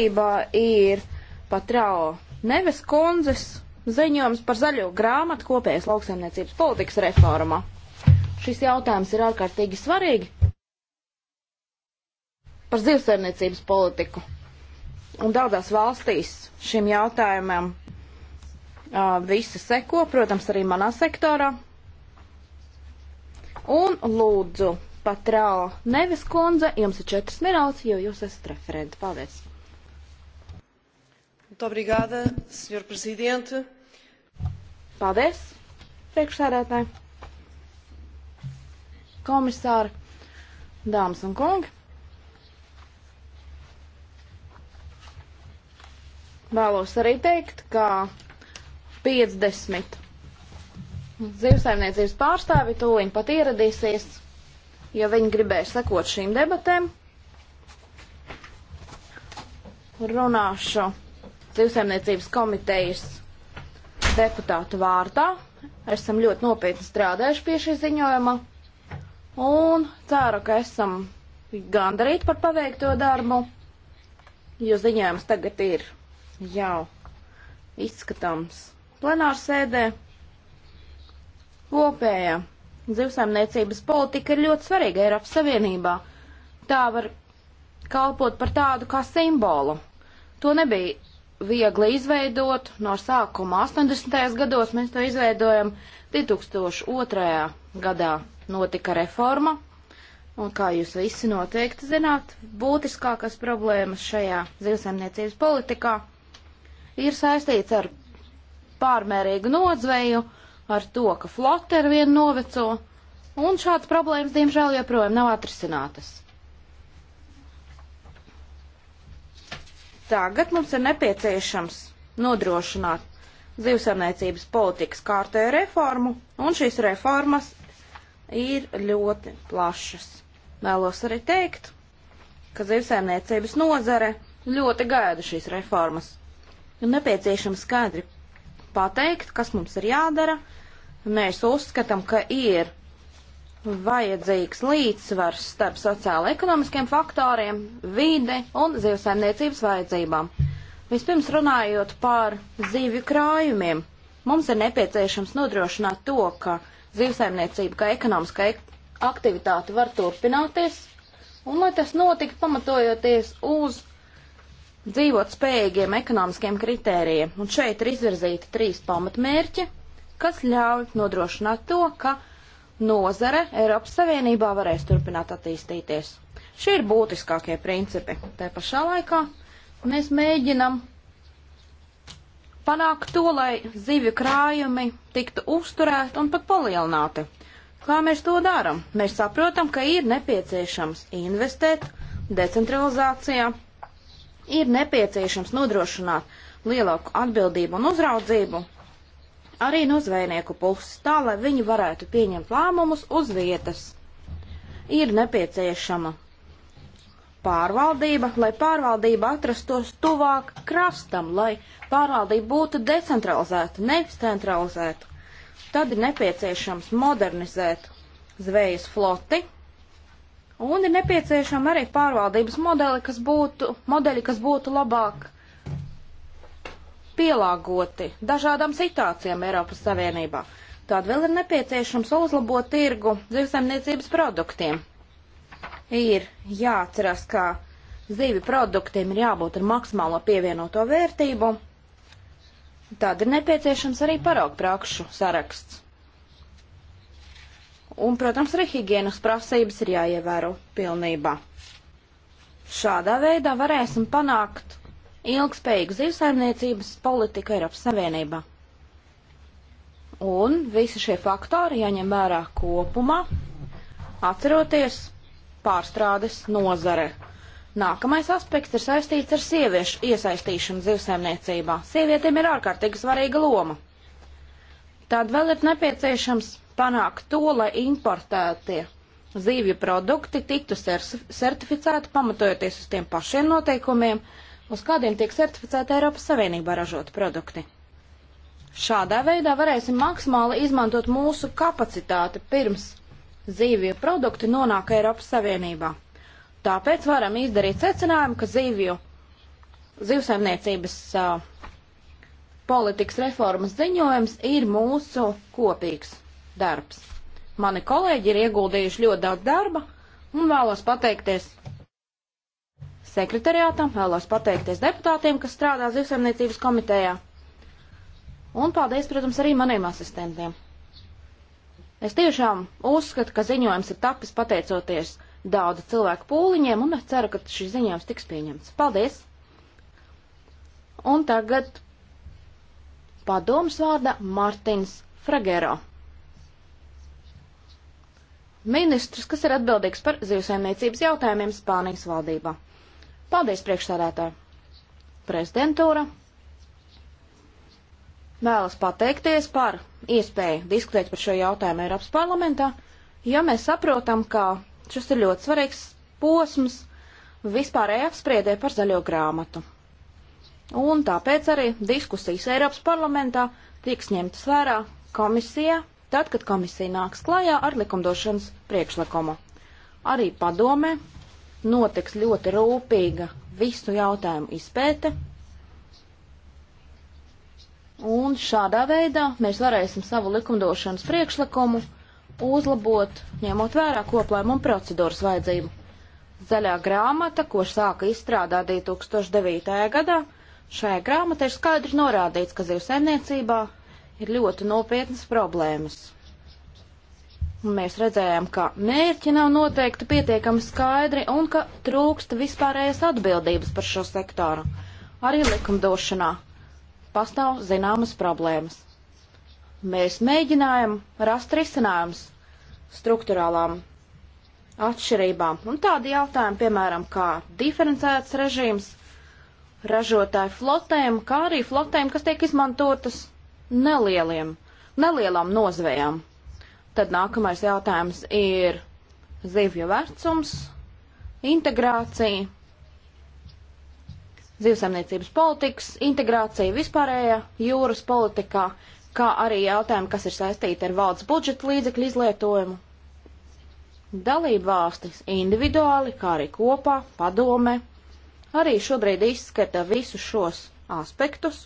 Ībā ir patrao Neves kundzes ziņojums par zaļo grāmatu kopējas lauksaimniecības politikas reformā. Šis jautājums ir ārkārtīgi svarīgi par zivsaimniecības politiku. Un daudzās valstīs šim jautājumam uh, visi seko, protams, arī manā sektorā. Un lūdzu, patrao Neves kundze, jums ir četras minūtes, jo jūs esat referenta. Paldies! Muito obrigada, Sr. Presidente. Paldies, priekšsēdētāji. Komisāri, dāmas un kungi. Vēlos arī teikt, ka 50 zivsaimniecības pārstāvi tūliņ pat ieradīsies, ja viņi gribēs sekot šīm debatēm. Runāšu Zivsaimniecības komitejas deputātu vārdā. Esam ļoti nopietni strādājuši pie šī ziņojuma un ceru, ka esam gandarīti par paveikto darbu, jo ziņojums tagad ir jau izskatāms plenārsēdē. Kopējā zivsaimniecības politika ir ļoti svarīga Eiropas Savienībā. Tā var kalpot par tādu kā simbolu. To nebija viegli izveidot. No sākuma 80. gados mēs to izveidojam. 2002. gadā notika reforma, un kā jūs visi noteikti zināt, būtiskākās problēmas šajā zivsaimniecības politikā ir saistīts ar pārmērīgu nodzveju, ar to, ka flote ar vienu noveco, un šāds problēmas, diemžēl, joprojām nav atrisinātas. Tagad mums ir nepieciešams nodrošināt zivsarniecības politikas kārtēju reformu, un šīs reformas ir ļoti plašas. Vēlos arī teikt, ka zivsarniecības nozare ļoti gaida šīs reformas. Ir nepieciešams skaidri pateikt, kas mums ir jādara. Mēs uzskatām, ka ir vajadzīgs līdzsvars starp sociāla-ekonomiskiem faktoriem, vide un zivsaimniecības vajadzībām. Vispirms runājot par zivju krājumiem, mums ir nepieciešams nodrošināt to, ka zivsaimniecība kā ekonomiskā aktivitāte var turpināties, un lai tas notika pamatojoties uz dzīvot spējīgiem ekonomiskiem kritērijiem. Un šeit ir izvirzīti trīs pamatmērķi, kas ļauj nodrošināt to, ka nozare Eiropas Savienībā varēs turpināt attīstīties. Šie ir būtiskākie principi. Tā pašā laikā mēs mēģinam panākt to, lai zivju krājumi tiktu uzturēti un pat palielināti. Kā mēs to darām? Mēs saprotam, ka ir nepieciešams investēt decentralizācijā, ir nepieciešams nodrošināt lielāku atbildību un uzraudzību, arī no zvejnieku puses, tā lai viņi varētu pieņemt lēmumus uz vietas. Ir nepieciešama pārvaldība, lai pārvaldība atrastos tuvāk krastam, lai pārvaldība būtu decentralizēta, nevis centralizēta. Tad ir nepieciešams modernizēt zvejas floti, un ir nepieciešama arī pārvaldības modeli, kas būtu, modeļi, kas būtu labāk pielāgoti dažādām situācijām Eiropas Savienībā. Tād vēl ir nepieciešams uzlabot tirgu zivsaimniecības produktiem. Ir jāatcerās, ka zīvi produktiem ir jābūt ar maksimālo pievienoto vērtību. Tād ir nepieciešams arī paraugprākšu saraksts. Un, protams, arī higienas prasības ir jāievēro pilnībā. Šādā veidā varēsim panākt ilgspējīgu zivsaimniecības politiku Eiropas Savienībā. Un visi šie faktori jāņem vērā kopumā, atceroties pārstrādes nozare. Nākamais aspekts ir saistīts ar sieviešu iesaistīšanu zivsēmniecībā. Sievietēm ir ārkārtīgi svarīga loma. Tad vēl ir nepieciešams panākt to, lai importētie zivju produkti tiktu certificēti pamatojoties uz tiem pašiem noteikumiem, uz kādiem tiek certificēti Eiropas Savienībā ražoti produkti. Šādā veidā varēsim maksimāli izmantot mūsu kapacitāti pirms zīvju produkti nonāk Eiropas Savienībā. Tāpēc varam izdarīt secinājumu, ka zīvju zivsaimniecības uh, politikas reformas ziņojums ir mūsu kopīgs darbs. Mani kolēģi ir ieguldījuši ļoti daudz darba un vēlos pateikties sekretariātam, vēlos pateikties deputātiem, kas strādā zivsaimniecības komitejā. Un paldies, protams, arī maniem asistentiem. Es tiešām uzskatu, ka ziņojums ir tapis pateicoties daudzu cilvēku pūliņiem, un es ceru, ka šis ziņojums tiks pieņemts. Paldies! Un tagad padoms vārda Martins Fragero. Ministrs, kas ir atbildīgs par zivsaimniecības jautājumiem Spānijas valdībā. Paldies, priekšstādātāji! Prezidentūra vēlas pateikties par iespēju diskutēt par šo jautājumu Eiropas parlamentā, jo mēs saprotam, ka šis ir ļoti svarīgs posms vispārējai apspriedē par zaļo grāmatu. Un tāpēc arī diskusijas Eiropas parlamentā tiks ņemtas vērā komisijā, tad, kad komisija nāks klajā ar likumdošanas priekšlikumu. Arī padomē notiks ļoti rūpīga visu jautājumu izpēte. Un šādā veidā mēs varēsim savu likumdošanas priekšlikumu uzlabot, ņemot vērā koplēmumu procedūras vajadzību. Zaļā grāmata, ko sāka izstrādāt 2009. gadā, šajā grāmatā ir skaidri norādīts, ka zivsaimniecībā ir ļoti nopietnas problēmas Mēs redzējām, ka mērķi nav noteikti pietiekami skaidri un ka trūkst vispārējais atbildības par šo sektoru. Arī likumdošanā pastāv zināmas problēmas. Mēs mēģinājam rast risinājumus struktūrālām atšķirībām. Un tādi jautājumi, piemēram, kā diferencēts režīms, ražotāju flotēm, kā arī flotēm, kas tiek izmantotas nelieliem, nelielām nozvejām. Tad nākamais jautājums ir zivju vecums, integrācija, zivsaimniecības politikas, integrācija vispārējā jūras politikā, kā arī jautājumi, kas ir saistīti ar valsts budžeta līdzekļu izlietojumu. Dalību valstis individuāli, kā arī kopā, padome, arī šobrīd izskata visus šos aspektus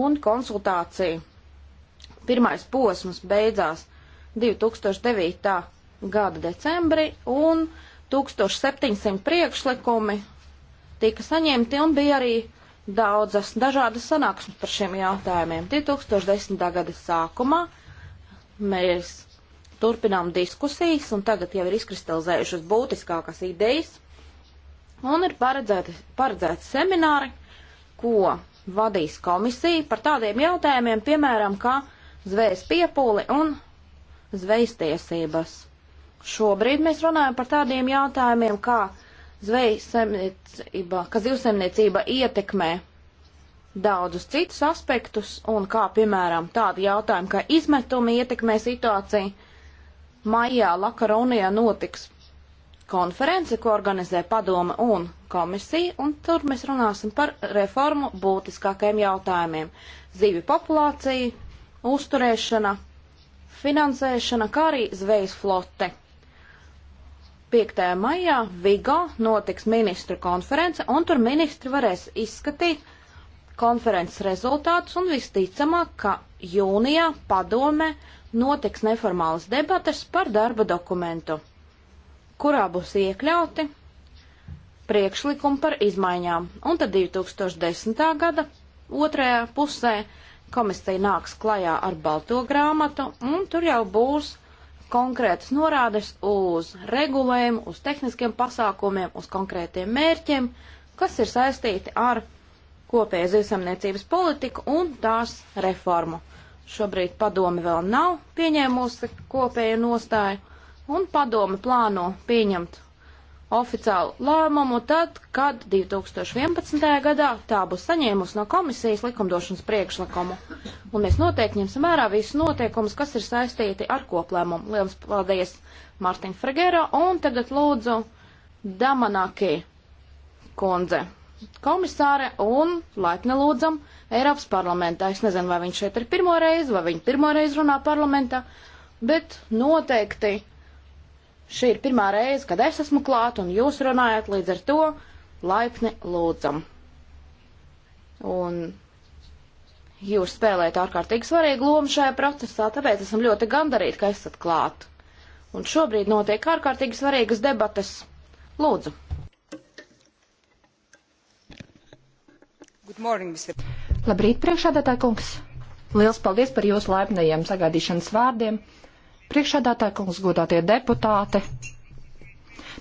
un konsultāciju pirmais posms beidzās 2009. gada decembrī, un 1700 priekšlikumi tika saņemti, un bija arī daudzas dažādas sanāksmes par šiem jautājumiem. 2010. gada sākumā mēs turpinām diskusijas, un tagad jau ir izkristalizējušas būtiskākās idejas, un ir paredzēti, paredzēti semināri, ko vadīs komisija par tādiem jautājumiem, piemēram, kā zvejas piepūli un zvejas tiesības. Šobrīd mēs runājam par tādiem jautājumiem, kā zvejas saimniecība, ka zivsaimniecība ietekmē daudzus citus aspektus, un kā piemēram tādi jautājumi, kā izmetumi ietekmē situāciju. Maijā Lakaronijā notiks konference, ko organizē padome un komisija, un tur mēs runāsim par reformu būtiskākajiem jautājumiem - zivju populāciju, uzturēšana, finansēšana, kā arī zvejas flote. 5. maijā Vigo notiks ministru konference, un tur ministri varēs izskatīt konferences rezultātus, un visticamāk, ka jūnijā padome notiks neformālas debates par darba dokumentu, kurā būs iekļauti priekšlikumi par izmaiņām, un tad 2010. gada otrajā pusē komisija nāks klajā ar balto grāmatu, un tur jau būs konkrētas norādes uz regulējumu, uz tehniskiem pasākumiem, uz konkrētiem mērķiem, kas ir saistīti ar kopēju zivsamniecības politiku un tās reformu. Šobrīd padomi vēl nav pieņēmusi kopēju nostāju, un padomi plāno pieņemt oficiālu lēmumu tad, kad 2011. gadā tā būs saņēmusi no komisijas likumdošanas priekšlikumu. Un mēs noteikti ņemsim vērā visus noteikumus, kas ir saistīti ar koplēmumu. Liels paldies Mārtiņ Fragero un tagad lūdzu Damanaki kundze komisāre un laipni lūdzam Eiropas parlamentā. Es nezinu, vai viņš šeit ir pirmo reizi, vai viņa pirmo reizi runā parlamentā, bet noteikti Šī ir pirmā reize, kad es esmu klāt un jūs runājat līdz ar to laipni lūdzam. Un jūs spēlējat ārkārtīgi svarīgu lomu šajā procesā, tāpēc esam ļoti gandarīti, ka esat klāt. Un šobrīd notiek ārkārtīgi svarīgas debates. Lūdzu. Good morning, Mr. Labrīt, priekšādātā kungs. Liels paldies par jūsu laipnajiem sagādīšanas vārdiem. Priekšādātāja kungs, godātie deputāti.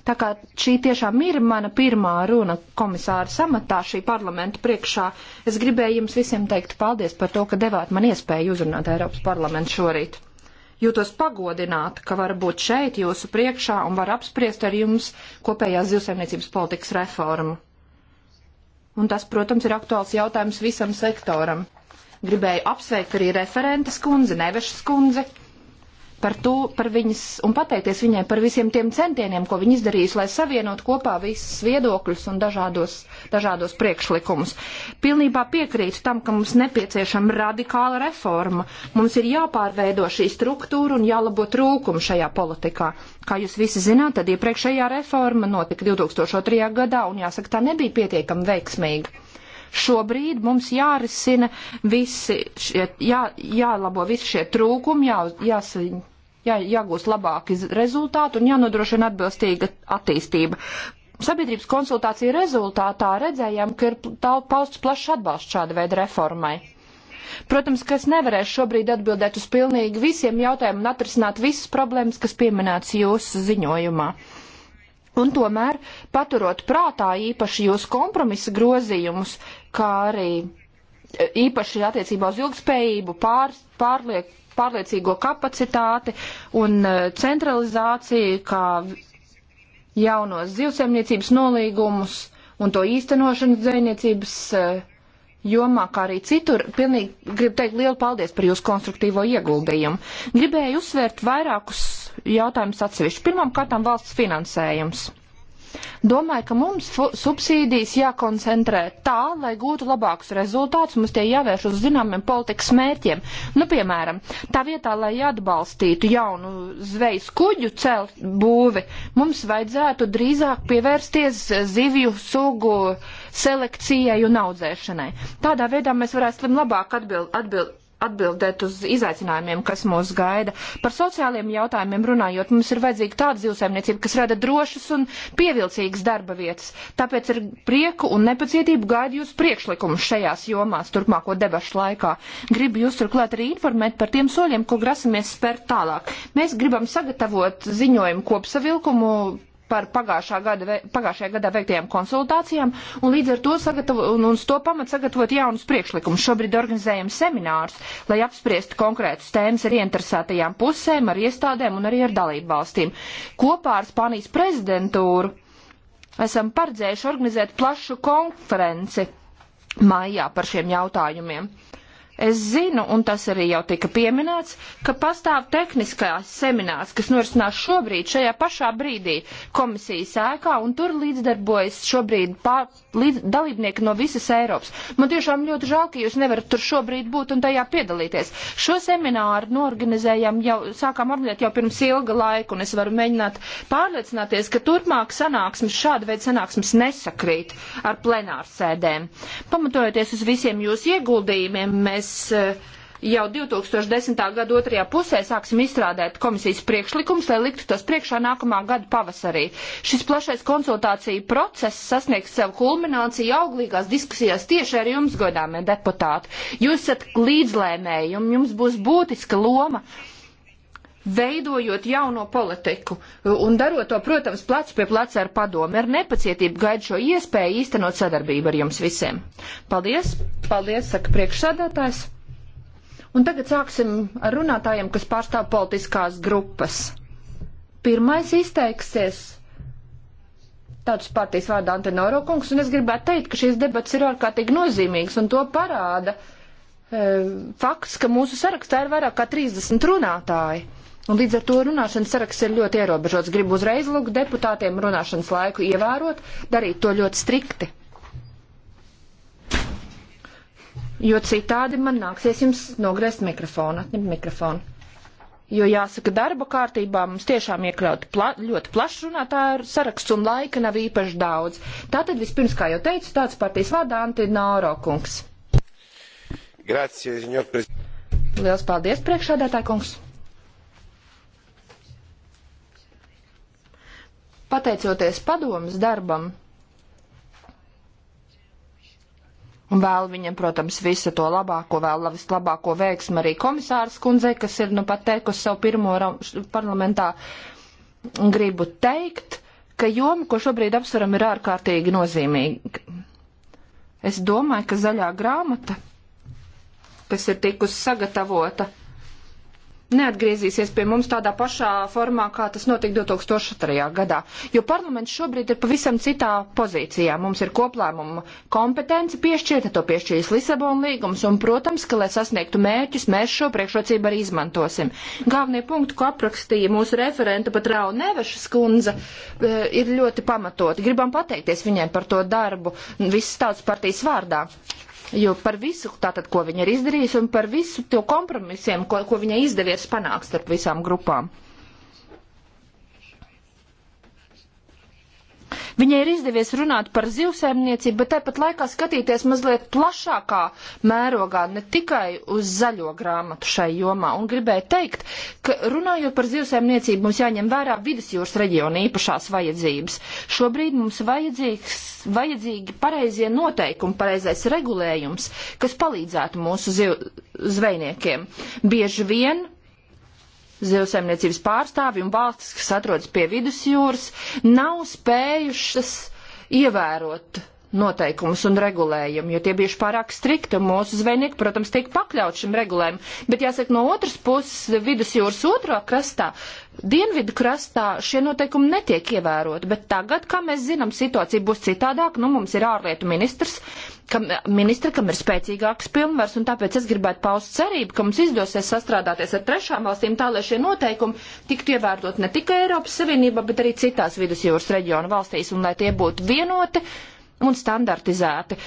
Tā kā šī tiešām ir mana pirmā runa komisāra samatā šī parlamenta priekšā, es gribēju jums visiem teikt paldies par to, ka devāt man iespēju uzrunāt Eiropas parlamentu šorīt. Jūtos pagodināti, ka var būt šeit jūsu priekšā un var apspriest ar jums kopējās zivsaimniecības politikas reformu. Un tas, protams, ir aktuāls jautājums visam sektoram. Gribēju apsveikt arī referentes kundzi, Nevešas kundzi par to, par viņas, un pateikties viņai par visiem tiem centieniem, ko viņa izdarījusi, lai savienot kopā visas viedokļus un dažādos, dažādos priekšlikumus. Pilnībā piekrītu tam, ka mums nepieciešama radikāla reforma. Mums ir jāpārveido šī struktūra un jālabo trūkumu šajā politikā. Kā jūs visi zināt, tad iepriekšējā reforma notika 2003. gadā, un jāsaka, tā nebija pietiekami veiksmīga. Šobrīd mums jārisina visi šie, jā, jālabo visi šie trūkumi, jā, jāsaņem jā, jāgūst labāki rezultāti un jānodrošina atbilstīga attīstība. Sabiedrības konsultāciju rezultātā redzējām, ka ir pausts plašs atbalsts šāda veida reformai. Protams, ka es nevarēšu šobrīd atbildēt uz pilnīgi visiem jautājumiem un atrisināt visas problēmas, kas pieminētas jūsu ziņojumā. Un tomēr, paturot prātā īpaši jūs kompromisa grozījumus, kā arī e, īpaši attiecībā uz ilgspējību, pār, pārliek, pārliecīgo kapacitāti un e, centralizāciju, kā jaunos zivsēmniecības nolīgumus un to īstenošanu dzēniecības e, jomā, kā arī citur. Pilnīgi gribu teikt lielu paldies par jūsu konstruktīvo ieguldījumu. Gribēju uzsvērt vairākus jautājumus atsevišķi. Pirmam kārtām valsts finansējums. Domāju, ka mums subsīdijas jākoncentrē tā, lai gūtu labākus rezultātus, mums tie jāvērš uz zināmiem politikas mērķiem. Nu, piemēram, tā vietā, lai atbalstītu jaunu zvejas kuģu celt būvi, mums vajadzētu drīzāk pievērsties zivju sugu selekcijai un audzēšanai. Tādā veidā mēs varēsim labāk atbild, atbild, atbildēt uz izaicinājumiem, kas mūs gaida. Par sociāliem jautājumiem runājot, mums ir vajadzīga tāda zivsaimniecība, kas rada drošas un pievilcīgas darba vietas. Tāpēc ar prieku un nepacietību gaidu jūs priekšlikumus šajās jomās turpmāko debašu laikā. Gribu jūs turklāt arī informēt par tiem soļiem, ko grasamies spērt tālāk. Mēs gribam sagatavot ziņojumu kopsavilkumu par pagājušā gada, pagājušajā gadā veiktajām konsultācijām, un līdz ar to sagatavo, un uz to pamat sagatavot jaunus priekšlikumus. Šobrīd organizējam seminārus, lai apspriestu konkrētus tēmas ar interesētajām pusēm, ar iestādēm un arī ar dalību valstīm. Kopā ar Spānijas prezidentūru esam paredzējuši organizēt plašu konferenci mājā par šiem jautājumiem. Uh, Es zinu, un tas arī jau tika pieminēts, ka pastāv tehniskās seminārs, kas norisinās šobrīd, šajā pašā brīdī komisijas ēkā, un tur līdzdarbojas šobrīd pār, dalībnieki no visas Eiropas. Man tiešām ļoti žēl, ka jūs nevarat tur šobrīd būt un tajā piedalīties. Šo semināru norganizējam jau, sākām organizēt jau pirms ilga laika, un es varu mēģināt pārliecināties, ka turpmāk sanāksmes, šāda veida sanāksmes nesakrīt ar plenārsēdēm. Pamatojoties uz visiem jūsu ieguldījumiem, mēs uh, jau 2010. gada otrajā pusē sāksim izstrādāt komisijas priekšlikums, lai liktu tos priekšā nākamā gada pavasarī. Šis plašais konsultāciju process sasniegs savu kulmināciju auglīgās diskusijās tieši ar jums, godāmie deputāti. Jūs esat līdzlēmēji un jums būs būtiska loma veidojot jauno politiku un darot to, protams, plecu pie pleca ar padomu. Ar nepacietību gaidu šo iespēju īstenot sadarbību ar jums visiem. Paldies! Paldies, saka priekšsādātājs! Un tagad sāksim ar runātājiem, kas pārstāv politiskās grupas. Pirmais izteiksies tautas partijas vārdā Antenoro kungs, un es gribētu teikt, ka šīs debats ir ārkārtīgi nozīmīgs, un to parāda e, fakts, ka mūsu sarakstā ir vairāk kā 30 runātāji. Un līdz ar to runāšanas saraksts ir ļoti ierobežots. Gribu uzreiz lūgt deputātiem runāšanas laiku ievērot, darīt to ļoti strikti. jo citādi man nāksies jums nogriezt mikrofonu, atņemt mikrofonu. Jo jāsaka, darba kārtībā mums tiešām iekļauti pla ļoti plašs runātāju saraksts un laika nav īpaši daudz. Tātad vispirms, kā jau teicu, tāds partijas vārdā Antinā kungs. Grazie, signor prezidents. Liels paldies, priekšādātāja kungs. Pateicoties padomas darbam, Un vēl viņam, protams, visu to labāko, vēl vislabāko veiksmu arī komisārs kundzei, kas ir nu pat teikusi savu pirmo parlamentā. Gribu teikt, ka joma, ko šobrīd apsveram, ir ārkārtīgi nozīmīga. Es domāju, ka zaļā grāmata, kas ir tikusi sagatavota neatgriezīsies pie mums tādā pašā formā, kā tas notika 2004. gadā. Jo parlaments šobrīd ir pavisam citā pozīcijā. Mums ir koplēmuma kompetence piešķirta, to piešķīris Lisabona līgums, un, protams, ka, lai sasniegtu mērķus, mēs šo priekšrocību arī izmantosim. Galvenie punkti, ko aprakstīja mūsu referenta pat Rau Nevešas kundze, e, ir ļoti pamatoti. Gribam pateikties viņiem par to darbu visas tautas partijas vārdā. Jo par visu, tātad, ko viņa ir izdarījusi un par visu to kompromisiem, ko, ko viņai izdevies panākt starp visām grupām. Uh, Viņai ir izdevies runāt par zivsēmniecību, bet tāpat laikā skatīties mazliet plašākā mērogā, ne tikai uz zaļo grāmatu šai jomā. Un gribēju teikt, ka runājot par zivsēmniecību, mums jāņem vērā vidusjūras reģiona īpašās vajadzības. Šobrīd mums vajadzīgi pareizie noteikumi, pareizais regulējums, kas palīdzētu mūsu ziv, zvejniekiem. Bieži vien zivsaimniecības pārstāvi un valstis, kas atrodas pie vidusjūras, nav spējušas ievērot noteikumus un regulējumu, jo tie bijuši pārāk strikti, un mūsu zvejnieki, protams, tiek pakļaut šim regulējumam. Bet, jāsaka, no otras puses, vidusjūras otrā krastā, dienvidu krastā šie noteikumi netiek ievēroti. Bet tagad, kā mēs zinām, situācija būs citādāk. Nu, mums ir ārlietu ministrs, kam, ministra, kam ir spēcīgāks pilnvars, un tāpēc es gribētu paust cerību, ka mums izdosies sastrādāties ar trešām valstīm tā, lai šie noteikumi tiktu ievērtot ne tikai Eiropas Savienībā, bet arī citās vidusjūras reģionu valstīs, un lai tie būtu vienoti un standartizēti.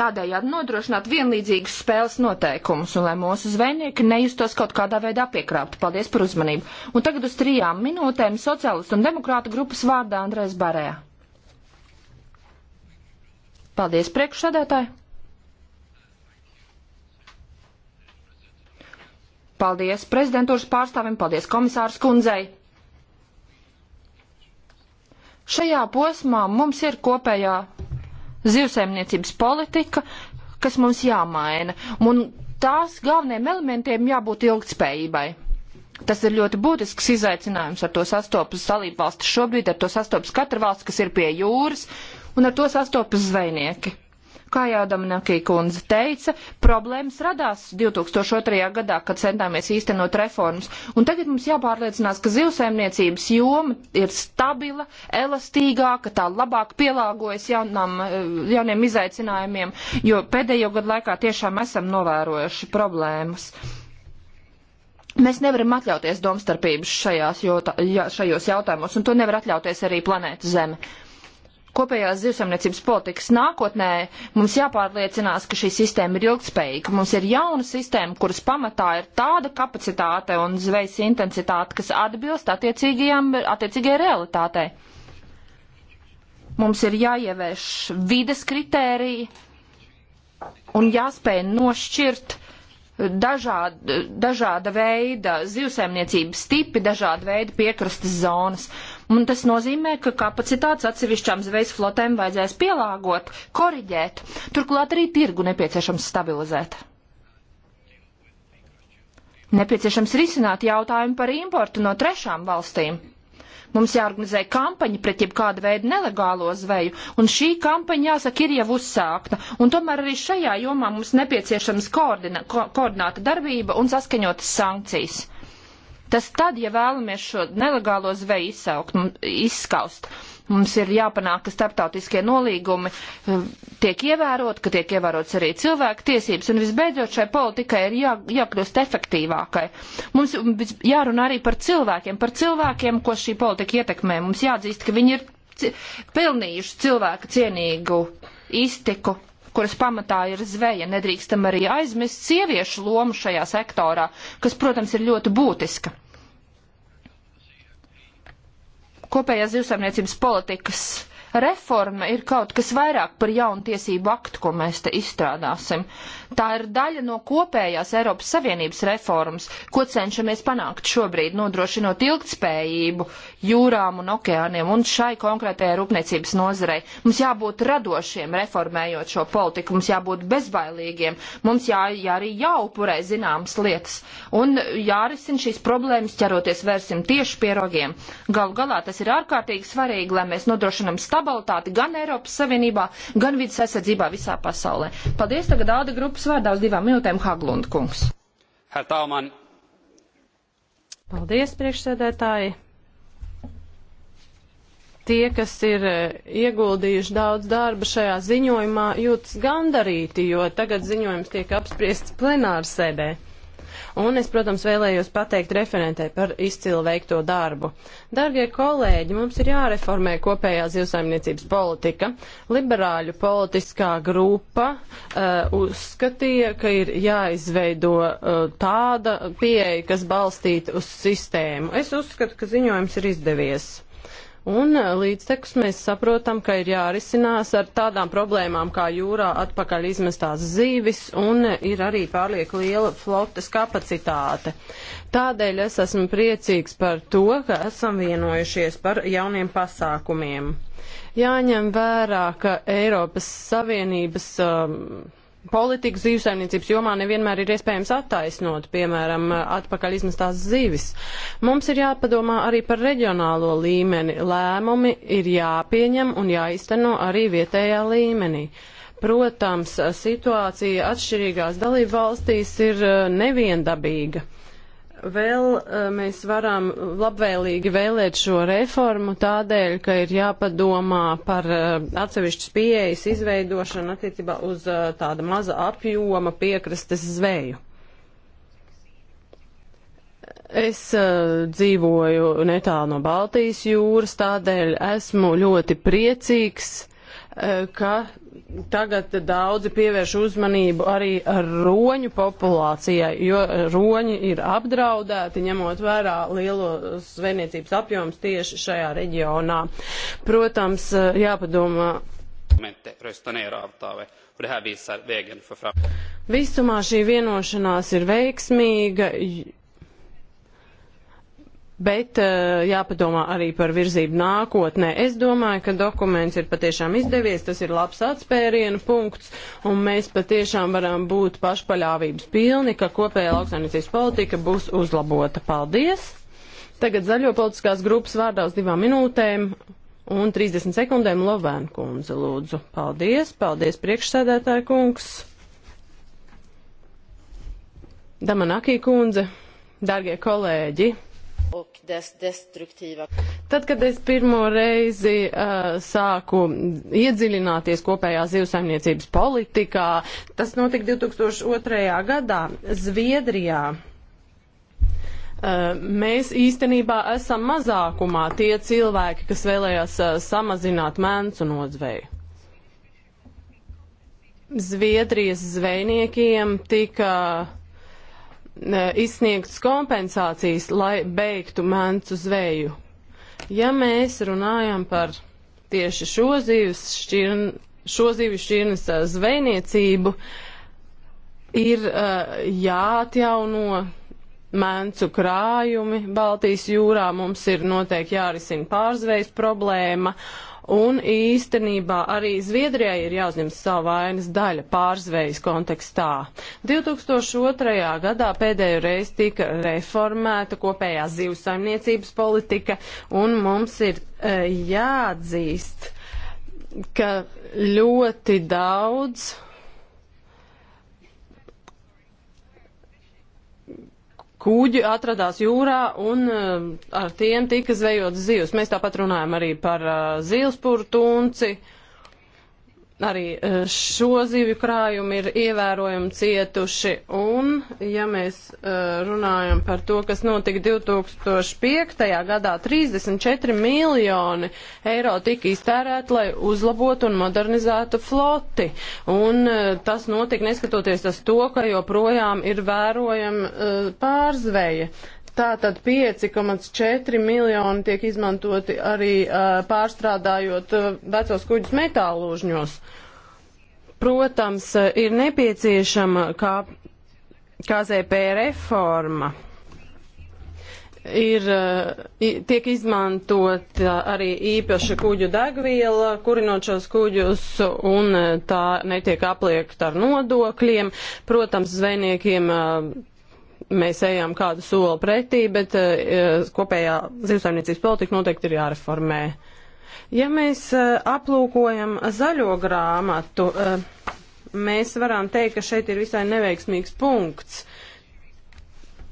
Tādējādi nodrošināt vienlīdzīgus spēles noteikumus un lai mūsu zvejnieki nejustos kaut kādā veidā piekrāpti. Paldies par uzmanību. Un tagad uz trijām minūtēm sociālistu un demokrātu grupas vārdā Andrēs Barējā. Paldies, priekšsādātāji! Paldies prezidentūras pārstāvim, paldies komisārs kundzei. Šajā posmā mums ir kopējā zivsēmniecības politika, kas mums jāmaina, un tās galveniem elementiem jābūt ilgtspējībai. Tas ir ļoti būtisks izaicinājums, ar to sastopas dalību valstis šobrīd, ar to sastopas katra valsts, kas ir pie jūras, un ar to sastopas zvejnieki. Kā jau Damanakī kundze teica, problēmas radās 2002. gadā, kad centāmies īstenot reformas, un tagad mums jāpārliecinās, ka zivsēmniecības joma ir stabila, elastīgāka, tā labāk pielāgojas jaunam, jauniem izaicinājumiem, jo pēdējo gadu laikā tiešām esam novērojuši problēmas. Mēs nevaram atļauties domstarpības šajās jautā, šajos jautājumos, un to nevar atļauties arī planēta Zeme kopējās zivsaimniecības politikas nākotnē mums jāpārliecinās, ka šī sistēma ir ilgspējīga. Mums ir jauna sistēma, kuras pamatā ir tāda kapacitāte un zvejas intensitāte, kas atbilst attiecīgajai realitātei. Mums ir jāievērš vides kritēriji un jāspēj nošķirt dažāda, dažāda veida zivsaimniecības tipi, dažāda veida piekrastes zonas. Un tas nozīmē, ka kapacitātes atsevišķām zvejas flotēm vajadzēs pielāgot, koriģēt. Turklāt arī tirgu nepieciešams stabilizēt. Nepieciešams risināt jautājumu par importu no trešām valstīm. Mums jāorganizē kampaņa pret jebkādu veidu nelegālo zveju, un šī kampaņa, jāsaka, ir jau uzsākta. Un tomēr arī šajā jomā mums nepieciešams koordina, ko, koordināta darbība un saskaņotas sankcijas. Tas tad, ja vēlamies šo nelegālo zveju izsaukt, izskaust, mums ir jāpanāk, ka starptautiskie nolīgumi eh, tiek ievērot, ka tiek ievērots arī cilvēku tiesības, un visbeidzot šai politikai ir jā, jākļūst efektīvākai. Mums jārunā arī par cilvēkiem, par cilvēkiem, ko šī politika ietekmē. Mums jāatzīst, ka viņi ir pilnījuši cilvēku cienīgu iztiku kuras pamatā ir zveja. Nedrīkstam arī aizmirst sieviešu lomu šajā sektorā, kas, protams, ir ļoti būtiska. Kopējās zivsaimniecības politikas Reforma ir kaut kas vairāk par jaunu tiesību aktu, ko mēs te izstrādāsim. Tā ir daļa no kopējās Eiropas Savienības reformas, ko cenšamies panākt šobrīd, nodrošinot ilgtspējību jūrām un okeāniem un šai konkrētajai rūpniecības nozarei. Mums jābūt radošiem reformējot šo politiku, mums jābūt bezbailīgiem, mums jā, jā arī jāupurē zināmas lietas un jārisina šīs problēmas, ķeroties vērsim tieši pie rogiem. Galu galā tas ir ārkārtīgi svarīgi, lai mēs nodrošinam stāvokli stabilitāti gan Eiropas Savienībā, gan vidas aizsardzībā visā pasaulē. Paldies tagad Alde grupas vārdā uz divām minūtēm Haglund kungs. Herr Tauman. Paldies, priekšsēdētāji tie, kas ir eh, ieguldījuši daudz darba šajā ziņojumā, jūtas gandarīti, jo tagad ziņojums tiek apspriests plenārsēdē. Un es, protams, vēlējos pateikt referentē par izcilu veikto darbu. Dargie kolēģi, mums ir jāreformē kopējā zivsaimniecības politika. Liberāļu politiskā grupa uh, uzskatīja, ka ir jāizveido uh, tāda pieeja, kas balstīta uz sistēmu. Es uzskatu, ka ziņojums ir izdevies. Un eh, līdztekus mēs saprotam, ka ir jārisinās ar tādām problēmām kā jūrā atpakaļ izmestās zīvis un eh, ir arī pārlieku liela flotes kapacitāte. Tādēļ es esmu priecīgs par to, ka esam vienojušies par jauniem pasākumiem. Jāņem vērā, ka Eiropas Savienības. Um, politikas zīvesaimniecības jomā nevienmēr ir iespējams attaisnot, piemēram, atpakaļ izmestās zīvis. Mums ir jāpadomā arī par reģionālo līmeni. Lēmumi ir jāpieņem un jāizteno arī vietējā līmenī. Protams, situācija atšķirīgās dalību valstīs ir eh, neviendabīga vēl eh, mēs varam labvēlīgi vēlēt šo reformu tādēļ, ka ir jāpadomā par eh, atsevišķas pieejas izveidošanu attiecībā uz eh, tāda maza apjoma piekrastes zveju. Es uh, dzīvoju netālu no Baltijas jūras, tādēļ esmu ļoti priecīgs, uh, ka tagad daudzi pievērš uzmanību arī roņu populācijai, jo roņi ir apdraudēti, ņemot vērā lielo zvejniecības apjoms tieši šajā reģionā. Protams, jāpadomā. Visumā šī vienošanās ir veiksmīga bet eh, jāpadomā arī par virzību nākotnē. Es domāju, ka dokuments ir patiešām izdevies, tas ir labs atspērienu punkts, un mēs patiešām varam būt pašpaļāvības pilni, ka kopējā lauksainicijas politika būs uzlabota. Paldies! Tagad zaļo politiskās grupas vārdā uz divām minūtēm un 30 sekundēm Lovēna kundze lūdzu. Paldies, paldies priekšsēdētāja kungs. Damanakī kundze, dārgie kolēģi. Tad, kad es pirmo reizi uh, sāku iedziļināties kopējā zivsaimniecības politikā, tas notika 2002. gadā Zviedrijā eh, mēs īstenībā esam mazākumā tie cilvēki, kas vēlējās eh, samazināt mēncu nodzveju. Zviedrijas zvejniekiem tika uh, izsniegtas kompensācijas, lai beigtu mēncu zveju. Ja mēs runājam par tieši šo zīves šķirn, šo zīves šķirnes zvejniecību, ir uh, jāatjauno mēncu krājumi Baltijas jūrā, mums ir noteikti jārisina pārzvejas problēma. Uh, Un īstenībā arī Zviedrijai ir jāuzņems savu vainas daļa pārzvejas kontekstā. 2002. gadā pēdējo reizi tika reformēta kopējā zivsaimniecības politika, un mums ir e, jāatzīst, ka ļoti daudz kuģi atradās jūrā un eh, ar tiem tika zvejotas zivs. Mēs tāpat runājam arī par eh, zivs purtunci. Uh, arī eh, šo zivju krājumi ir ievērojami cietuši. Un, ja mēs eh, runājam par to, kas notika 2005. gadā, 34 miljoni eiro tika iztērēti, lai uzlabotu un modernizētu floti. Un eh, tas notika neskatoties uz to, ka joprojām ir vērojama pārzveja. Tātad 5,4 miljoni tiek izmantoti arī uh, pārstrādājot uh, vecos kuģus metālūžņos. Protams, ir nepieciešama kā KZP reforma. Ir, uh, tiek izmantot arī īpaša kuģu degviela, kurinot šos kuģus, un tā netiek apliekta ar nodokļiem. Protams, zvejniekiem mēs ejam kādu soli pretī, bet eh, kopējā zivsaimniecības politika noteikti ir jāreformē. Ja mēs eh, aplūkojam zaļo grāmatu, eh, mēs varam teikt, ka šeit ir visai neveiksmīgs punkts.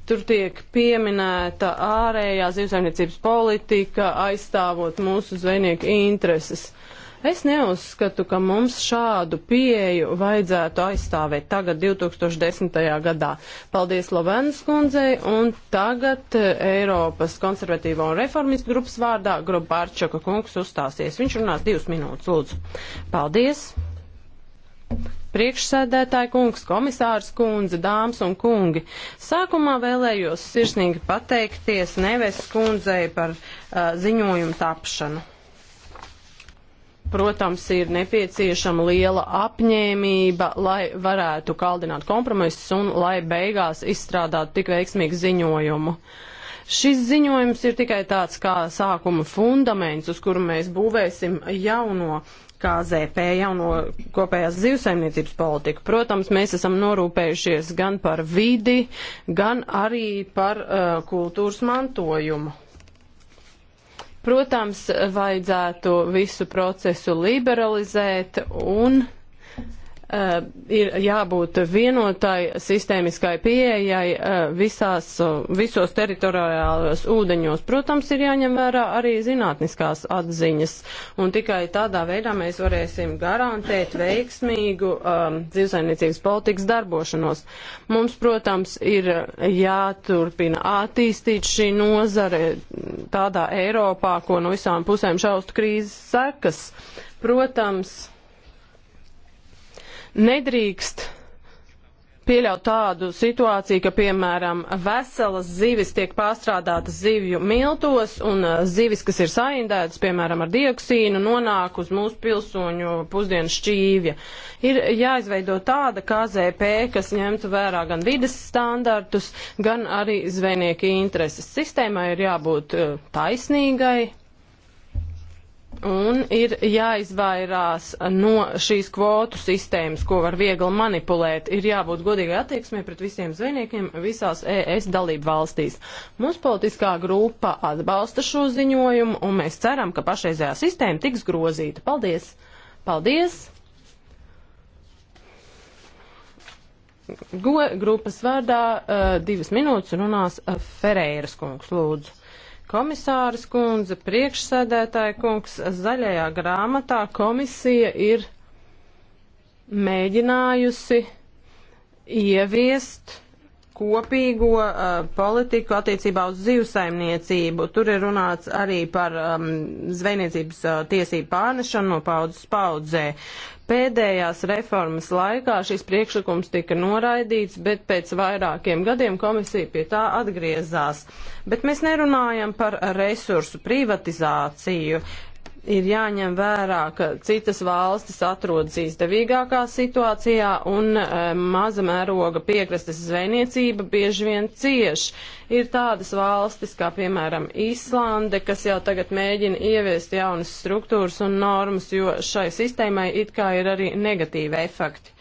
Tur tiek pieminēta ārējā zivsaimniecības politika, aizstāvot mūsu zvejnieku intereses. Uh, Es neuzskatu, ka mums šādu pieeju vajadzētu aizstāvēt tagad 2010. gadā. Paldies Lovenas kundzei un tagad eh, Eiropas konservatīvo un reformistu grupas vārdā Grobārčaka kungs uzstāsies. Viņš runās divas minūtes, lūdzu. Paldies! Priekšsēdētāji kungs, komisārs kundze, dāmas un kungi. Sākumā vēlējos sirsnīgi pateikties Neves kundzei par uh, ziņojumu tapšanu. Protams, ir nepieciešama liela apņēmība, lai varētu kaldināt kompromisus un lai beigās izstrādātu tik veiksmīgu ziņojumu. Šis ziņojums ir tikai tāds kā sākuma fundaments, uz kuru mēs būvēsim jauno KZP, jauno kopējās zivsaimniecības politiku. Protams, mēs esam norūpējušies gan par vidi, gan arī par uh, kultūras mantojumu. Protams, vajadzētu visu procesu liberalizēt un Uh, ir jābūt vienotai sistēmiskai pieejai uh, visās, uh, visos teritoriālajos ūdeņos. Protams, ir jāņem vērā arī zinātniskās atziņas, un tikai tādā veidā mēs varēsim garantēt veiksmīgu um, eh, dzīvesainiecības politikas darbošanos. Mums, protams, ir jāturpina attīstīt šī nozare tādā Eiropā, ko no visām pusēm šaustu krīzes sekas. Protams, Nedrīkst pieļaut tādu situāciju, ka, piemēram, veselas zivis tiek pārstrādātas zivju miltos, un uh, zivis, kas ir saindētas, piemēram, ar dioksīnu, nonāk uz mūsu pilsoņu pusdienas šķīvja. Ir jāizveido tāda KZP, kas ņemtu vērā gan vides standartus, gan arī zvejnieki intereses. Sistēmai ir jābūt uh, taisnīgai, Un ir jāizvairās no šīs kvotu sistēmas, ko var viegli manipulēt. Ir jābūt godīgai attieksmē pret visiem zvejniekiem visās ES dalību valstīs. Mūsu politiskā grupa atbalsta šo ziņojumu, un mēs ceram, ka pašreizējā sistēma tiks grozīta. Paldies! Paldies! Go grupas vārdā uh, divas minūtes runās uh, Ferēras kungs, lūdzu. Komisāras kundze, priekšsēdētāja kungs, zaļajā grāmatā komisija ir mēģinājusi ieviest kopīgo uh, politiku attiecībā uz zivsaimniecību. Tur ir runāts arī par um, zvejniecības uh, tiesību pārnešanu no paudzes paudzē. Pēdējās reformas laikā šis priekšlikums tika noraidīts, bet pēc vairākiem gadiem komisija pie tā atgriezās. Bet mēs nerunājam par resursu privatizāciju. Uh, ir jāņem vērā, ka citas valstis atrodas izdevīgākā situācijā un e, maza mēroga piekrastes zvejniecība bieži vien cieš. Ir tādas valstis kā piemēram Īslande, kas jau tagad mēģina ieviest jaunas struktūras un normas, jo šai sistēmai it kā ir arī negatīvi efekti.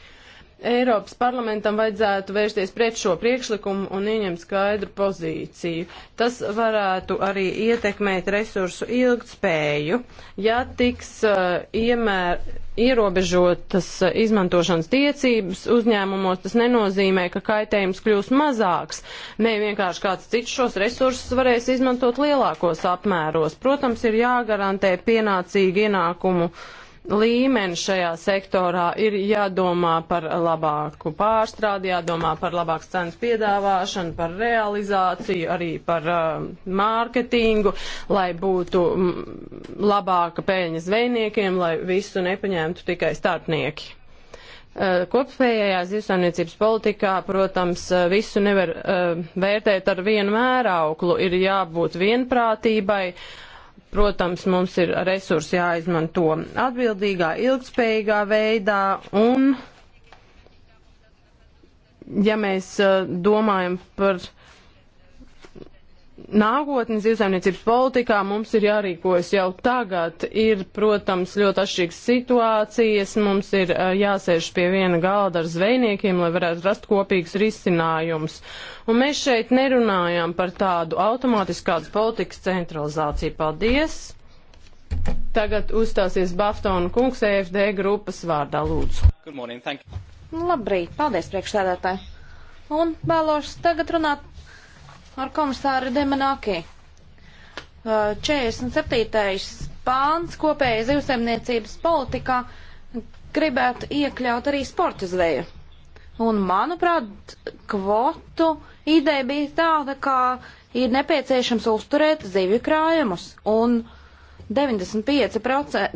Eiropas parlamentam vajadzētu vērsties pret šo priekšlikumu un ieņemt skaidru pozīciju. Tas varētu arī ietekmēt resursu ilgtspēju. Ja tiks uh, iemēr, ierobežotas uh, izmantošanas tiecības uzņēmumos, tas nenozīmē, ka kaitējums kļūs mazāks. Nē, vienkārši kāds cits šos resursus varēs izmantot lielākos apmēros. Protams, ir jāgarantē pienācīgi ienākumu uh, līmeni šajā sektorā. Ir jādomā par labāku pārstrādi, jādomā par labāku cenas piedāvāšanu, par realizāciju, arī par uh, mārketingu, lai būtu mm, labāka peļņa zvejniekiem, lai visu nepaņemtu tikai starpnieki uh, kopējā zivsaimniecības politikā, protams, uh, visu nevar uh, vērtēt ar vienu mērauklu, ir jābūt vienprātībai protams, mums ir resursi jāizmanto atbildīgā, ilgspējīgā veidā un, ja mēs eh, domājam par nākotnes zivsaimniecības politikā mums ir jārīkojas jau tagad. Ir, protams, ļoti atšķirīgas situācijas, mums ir uh, jāsēž pie viena galda ar zvejniekiem, lai varētu rast kopīgs risinājums. Un mēs šeit nerunājam par tādu automātisku kādas politikas centralizāciju. Paldies! Tagad uzstāsies Baftona kungs EFD grupas vārdā lūdzu. Good morning, thank you. Labrīt, paldies priekšstādātāji. Un vēlos tagad runāt ar komisāru Demanaki. 47. Uh, pāns kopējai zivsaimniecības politikā gribētu iekļaut arī sporta zveju. Un, manuprāt, kvotu ideja bija tāda, ka ir nepieciešams uzturēt zivju krājumus. Un 95%, 91%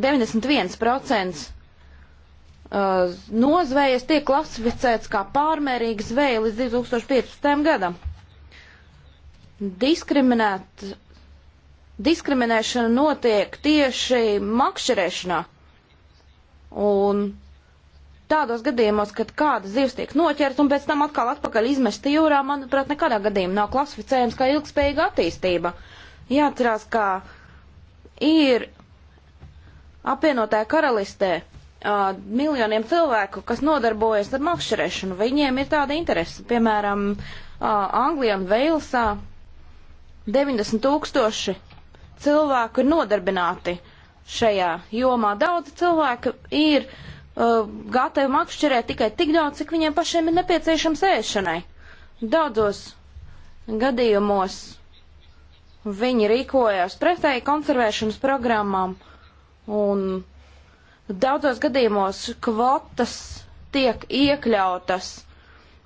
nozvējas tiek klasificēts kā pārmērīga zveja līdz 2015. gadam diskriminēt, diskriminēšana notiek tieši makšķerēšanā. Un tādos gadījumos, kad kāda zivs tiek noķerta un pēc tam atkal atpakaļ izmesta jūrā, manuprāt, nekādā gadījumā nav klasificējams kā ilgspējīga attīstība. Jāatcerās, ka ir apvienotāja karalistē Uh, miljoniem cilvēku, kas nodarbojas ar makšķerēšanu. Viņiem ir tāda interese. Piemēram, uh, Anglijā un Velsā 90 tūkstoši cilvēku ir nodarbināti šajā jomā. Daudz cilvēku ir uh, gatavi makšķerēt tikai tik daudz, cik viņiem pašiem ir nepieciešams ēšanai. Daudzos gadījumos viņi rīkojās pretēji konservēšanas programmām un daudzos gadījumos kvotas tiek iekļautas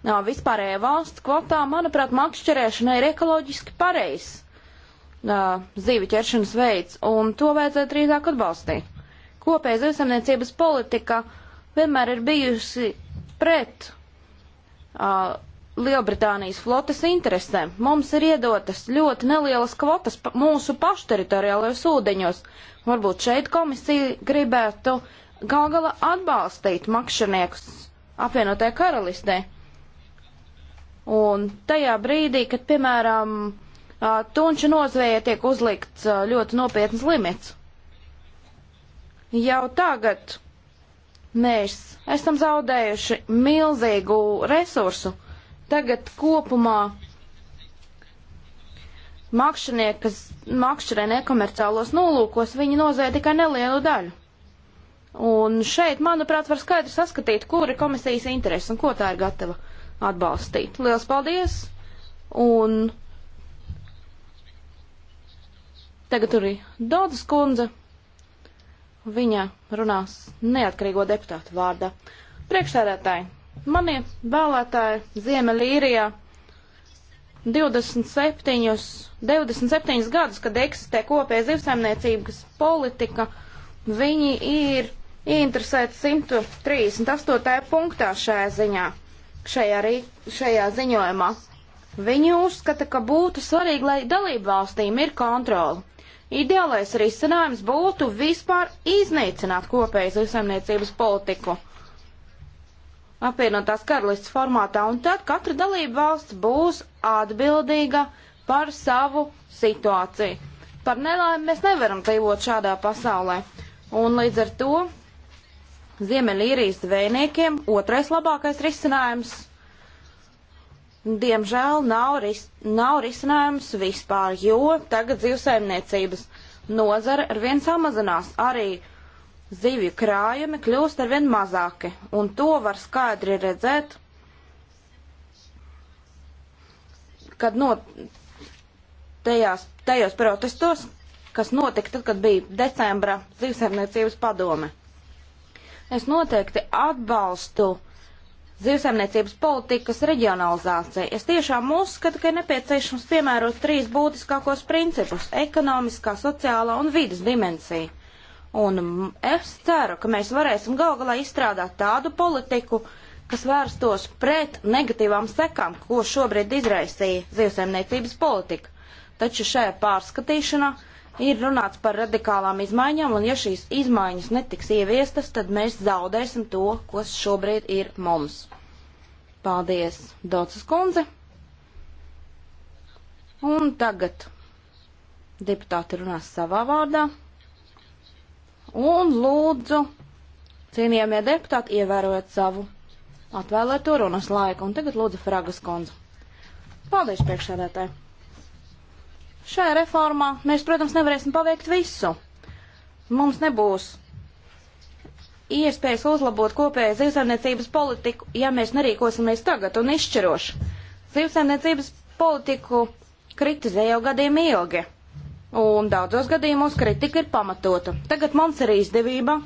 no, vispārējā valsts kvotā, manuprāt, makšķerēšana ir ekoloģiski pareizs uh, zīvi ķeršanas veids, un to vajadzētu drīzāk atbalstīt. Kopēja zemesarniecības politika vienmēr ir bijusi pret uh, Lielbritānijas flotes interesēm. Mums ir iedotas ļoti nelielas kvotas pa mūsu pašu teritoriālajos ūdeņos. Varbūt šeit komisija gribētu gal gala atbalstīt makšaniekus apvienotajā karalistē. Un tajā brīdī, kad, piemēram, tunča nozvejai tiek uzlikts ļoti nopietns limits, jau tagad mēs esam zaudējuši milzīgu resursu. Tagad kopumā makšķernieki, kas makšķerē nekomerciālos nolūkos, viņi nozvēja tikai nelielu daļu. Un šeit, manuprāt, var skaidri saskatīt, kur ir komisijas interesi un ko tā ir gatava. Uh, atbalstīt. Lielas paldies! Un tagad arī Dodas kundze. Viņa runās neatkarīgo deputātu vārdā. Priekšsēdētāji, mani vēlētāji Ziemeļīrijā 27, 27 gadus, kad eksistē kopēja zivsaimniecības politika, viņi ir interesēti 138. punktā šajā ziņā šajā, rī, šajā ziņojumā. Viņi uzskata, ka būtu svarīgi, lai dalību valstīm ir kontroli. Ideālais risinājums būtu vispār iznīcināt kopējas lauksaimniecības politiku. Apvienotās karalists formātā, un tad katra dalība valsts būs atbildīga par savu situāciju. Par nelaimi mēs nevaram dzīvot šādā pasaulē. Un līdz ar to Ziemeļīrijas zvejniekiem otrais labākais risinājums. Diemžēl nav, ris nav risinājums vispār, jo tagad zivsaimniecības nozara ar vien samazinās. Arī zivju krājumi kļūst ar vien mazāki, un to var skaidri redzēt, kad no tajās, tajos protestos, kas notika tad, kad bija decembra zivsaimniecības padome. Es noteikti atbalstu zivsaimniecības politikas reģionalizāciju. Es tiešām uzskatu, ka ir nepieciešams piemērot trīs būtiskākos principus - ekonomiskā, sociālā un vidas dimensija. Un es ceru, ka mēs varēsim gal galā izstrādāt tādu politiku, kas vērstos pret negatīvām sekām, ko šobrīd izraisīja zivsaimniecības politika. Taču šajā pārskatīšanā ir runāts par radikālām izmaiņām, un ja šīs izmaiņas netiks ieviestas, tad mēs zaudēsim to, kas šobrīd ir mums. Paldies, Daucis kundze! Un tagad deputāti runās savā vārdā. Un lūdzu, cienījamie deputāti, ievērojiet savu atvēlēto runas laiku. Un tagad lūdzu Fragas kundze. Paldies, priekšsēdētāji! Šajā reformā mēs, protams, nevarēsim paveikt visu. Mums nebūs iespējas uzlabot kopējas zivsaimniecības politiku, ja mēs nerīkosimies tagad un izšķiroši. Zivsaimniecības politiku kritizē jau gadiem ilgi, un daudzos gadījumos kritika ir pamatota. Tagad mums ir izdevība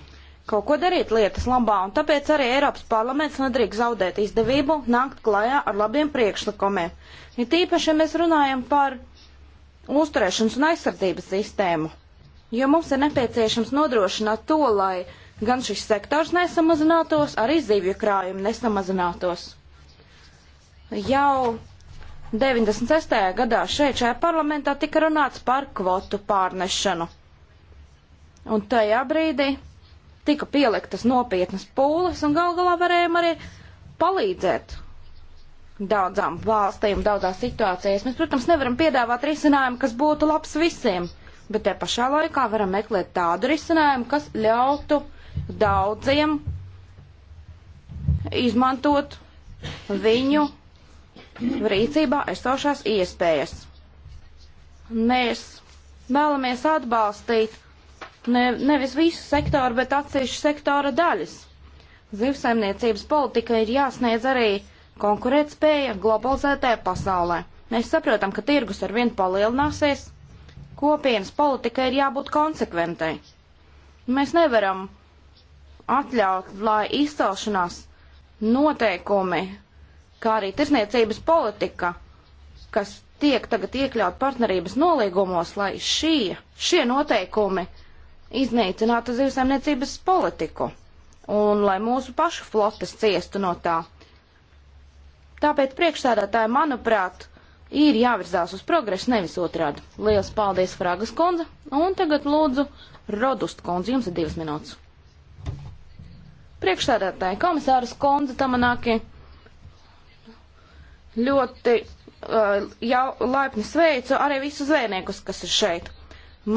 kaut ko darīt lietas labā, un tāpēc arī Eiropas parlaments nedrīkst zaudēt izdevību nākt klajā ar labiem priekšlikumiem. Ir ja tīpaši, ja mēs runājam par uzturēšanas un aizsardzības sistēmu, jo mums ir nepieciešams nodrošināt to, lai gan šis sektors nesamazinātos, arī zivju krājumi nesamazinātos. Jau 96. gadā šeit šajā parlamentā tika runāts par kvotu pārnešanu. Un tajā brīdī tika pieliktas nopietnas pūles un gal galā varējām arī palīdzēt daudzām valstīm, daudzās situācijās. Mēs, protams, nevaram piedāvāt risinājumu, kas būtu labs visiem, bet te pašā laikā varam meklēt tādu risinājumu, kas ļautu daudziem izmantot viņu rīcībā esošās iespējas. Mēs vēlamies atbalstīt ne, nevis visu sektoru, bet atsevišķu sektora daļas. Zivsaimniecības politika ir jāsniedz arī konkurētspēja globalizētajā pasaulē. Mēs saprotam, ka tirgus ar vienu palielināsies, kopienas politikai ir jābūt konsekventai. Mēs nevaram atļaut, lai izcelšanās noteikumi, kā arī tirsniecības politika, kas tiek tagad iekļaut partnerības nolīgumos, lai šie, šie noteikumi iznīcinātu zivsaimniecības politiku un lai mūsu pašu flotes ciestu no tā. Tāpēc priekšsēdētāji, manuprāt, ir jāvirzās uz progresu, nevis otrādi. Lielas paldies, Fragas kundze, un tagad lūdzu Rodust kundze, jums ir divas minūtes. Priekšsēdētāji, komisāras kundze, tamanākie ļoti uh, jau laipni sveicu arī visus zvejniekus, kas ir šeit.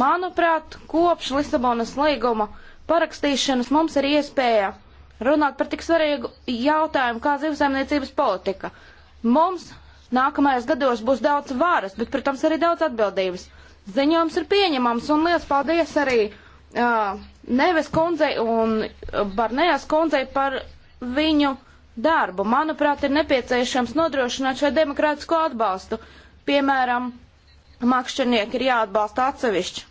Manuprāt, kopš Lisabonas līguma parakstīšanas mums ir iespēja uh, runāt par tik svarīgu jautājumu kā zivsaimniecības politika. Mums nākamajos gados būs daudz varas, bet, protams, arī daudz atbildības. Ziņojums ir pieņemams un liels paldies arī uh, Neves kundzei un Barnējas kundzei par viņu darbu. Manuprāt, ir nepieciešams nodrošināt šo demokrātisko atbalstu. Piemēram, makšķernieki ir jāatbalsta atsevišķi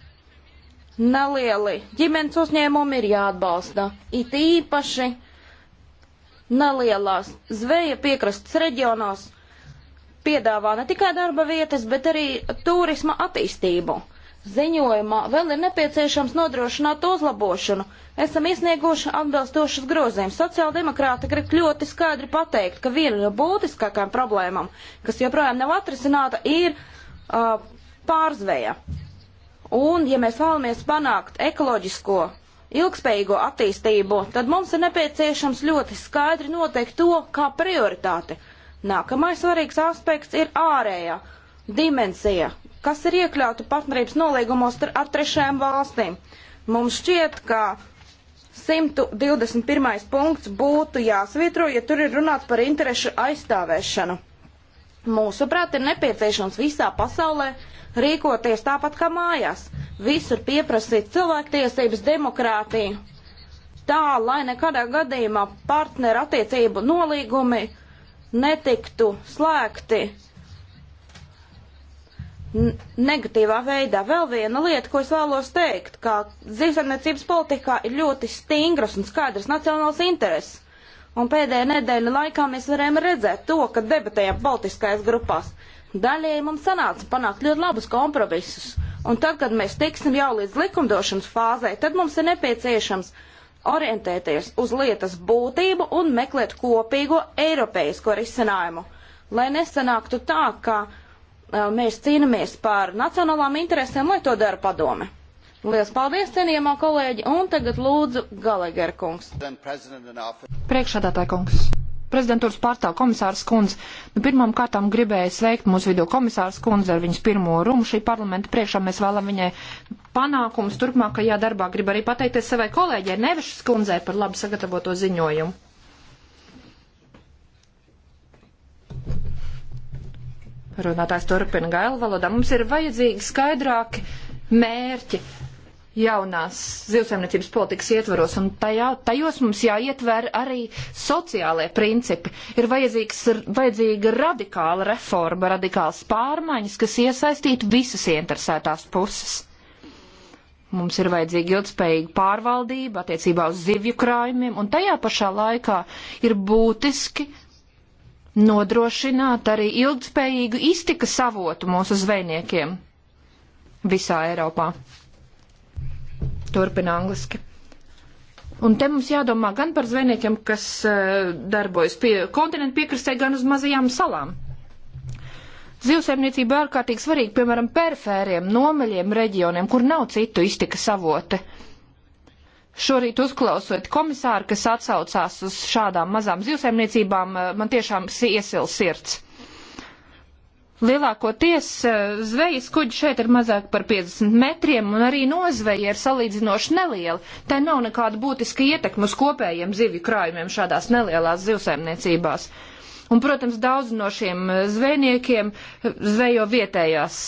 nelieli ģimenes uzņēmumi ir jāatbalsta. It īpaši nelielās zveja piekrastes reģionos piedāvā ne tikai darba vietas, bet arī turisma attīstību. Ziņojumā vēl ir nepieciešams nodrošināt uzlabošanu. Esam iesnieguši atbilstošas grozījumus. Sociāldemokrāti grib ļoti skaidri pateikt, ka viena no būtiskākām problēmām, kas joprojām nav atrisināta, ir uh, pārzveja. Un, ja mēs vēlamies panākt ekoloģisko, ilgspējīgo attīstību, tad mums ir nepieciešams ļoti skaidri noteikt to kā prioritāti. Nākamais svarīgs aspekts ir ārējā dimensija, kas ir iekļauta partnerības nolīgumos ar trešajām valstīm. Mums šķiet, ka 121. punkts būtu jāsvitro, ja tur ir runāts par interešu aizstāvēšanu. Mūsuprāt, ir nepieciešams visā pasaulē rīkoties tāpat kā mājās, visur pieprasīt cilvēktiesības, demokrātiju, tā lai nekādā gadījumā partneru attiecību nolīgumi netiktu slēgti negatīvā veidā. Vēl viena lieta, ko es vēlos teikt, ka dzīvesaimniecības politikā ir ļoti stingras un skaidras nacionāls intereses. Un pēdējā nedēļa laikā mēs varējām redzēt to, ka debatējām Baltiskajās grupās. Daļēji mums sanāca panākt ļoti labus kompromisus. Un tad, kad mēs tiksim jau līdz likumdošanas fāzē, tad mums ir nepieciešams orientēties uz lietas būtību un meklēt kopīgo eiropeisko risinājumu. Lai nesanāktu tā, ka eh, mēs cīnāmies par nacionālām interesēm, lai to dara padome. Lielas paldies, cienījamā kolēģi, un tagad lūdzu Galegera kungs. Priekšādātāja kungs. Prezidentūras pārstāv komisārs kundze. Nu, pirmām kārtām gribēju sveikt mūsu vidū komisārs kundze ar viņas pirmo rumu šī parlamenta priekšā. Mēs vēlam viņai panākums turpmākajā darbā. Gribu arī pateikties savai kolēģei Nevešas kundzei par labi sagatavoto ziņojumu. Runātājs turpina gailu valodā. Mums ir vajadzīgi skaidrāki mērķi, jaunās zivsaimniecības politikas ietvaros, un tajā, tajos mums jāietver arī sociālai principi. Ir vajadzīga radikāla reforma, radikāls pārmaiņas, kas iesaistītu visas interesētās puses. Mums ir vajadzīga ilgspējīga pārvaldība attiecībā uz zivju krājumiem, un tajā pašā laikā ir būtiski nodrošināt arī ilgspējīgu iztikas avotu mūsu zvejniekiem visā Eiropā. Turpina angliski. Un te mums jādomā gan par zvejniekiem, kas uh, darbojas pie kontinentu piekrastē, gan uz mazajām salām. Zivsēmniecība ārkārtīgi svarīga, piemēram, perifēriem, nomaļiem reģioniem, kur nav citu iztikas avote. Šorīt uzklausot komisāru, kas atsaucās uz šādām mazām zivsēmniecībām, eh, man tiešām iesils sirds. Lielākoties eh, zvejas kuģi šeit ir mazāk par 50 metriem, un arī nozveja ir salīdzinoši neliela. Tā nav nekāda būtiska ietekma uz kopējiem zivju krājumiem šādās nelielās zivsaimniecībās. Un, protams, daudz no šiem eh, zvejniekiem eh, zvejo vietējās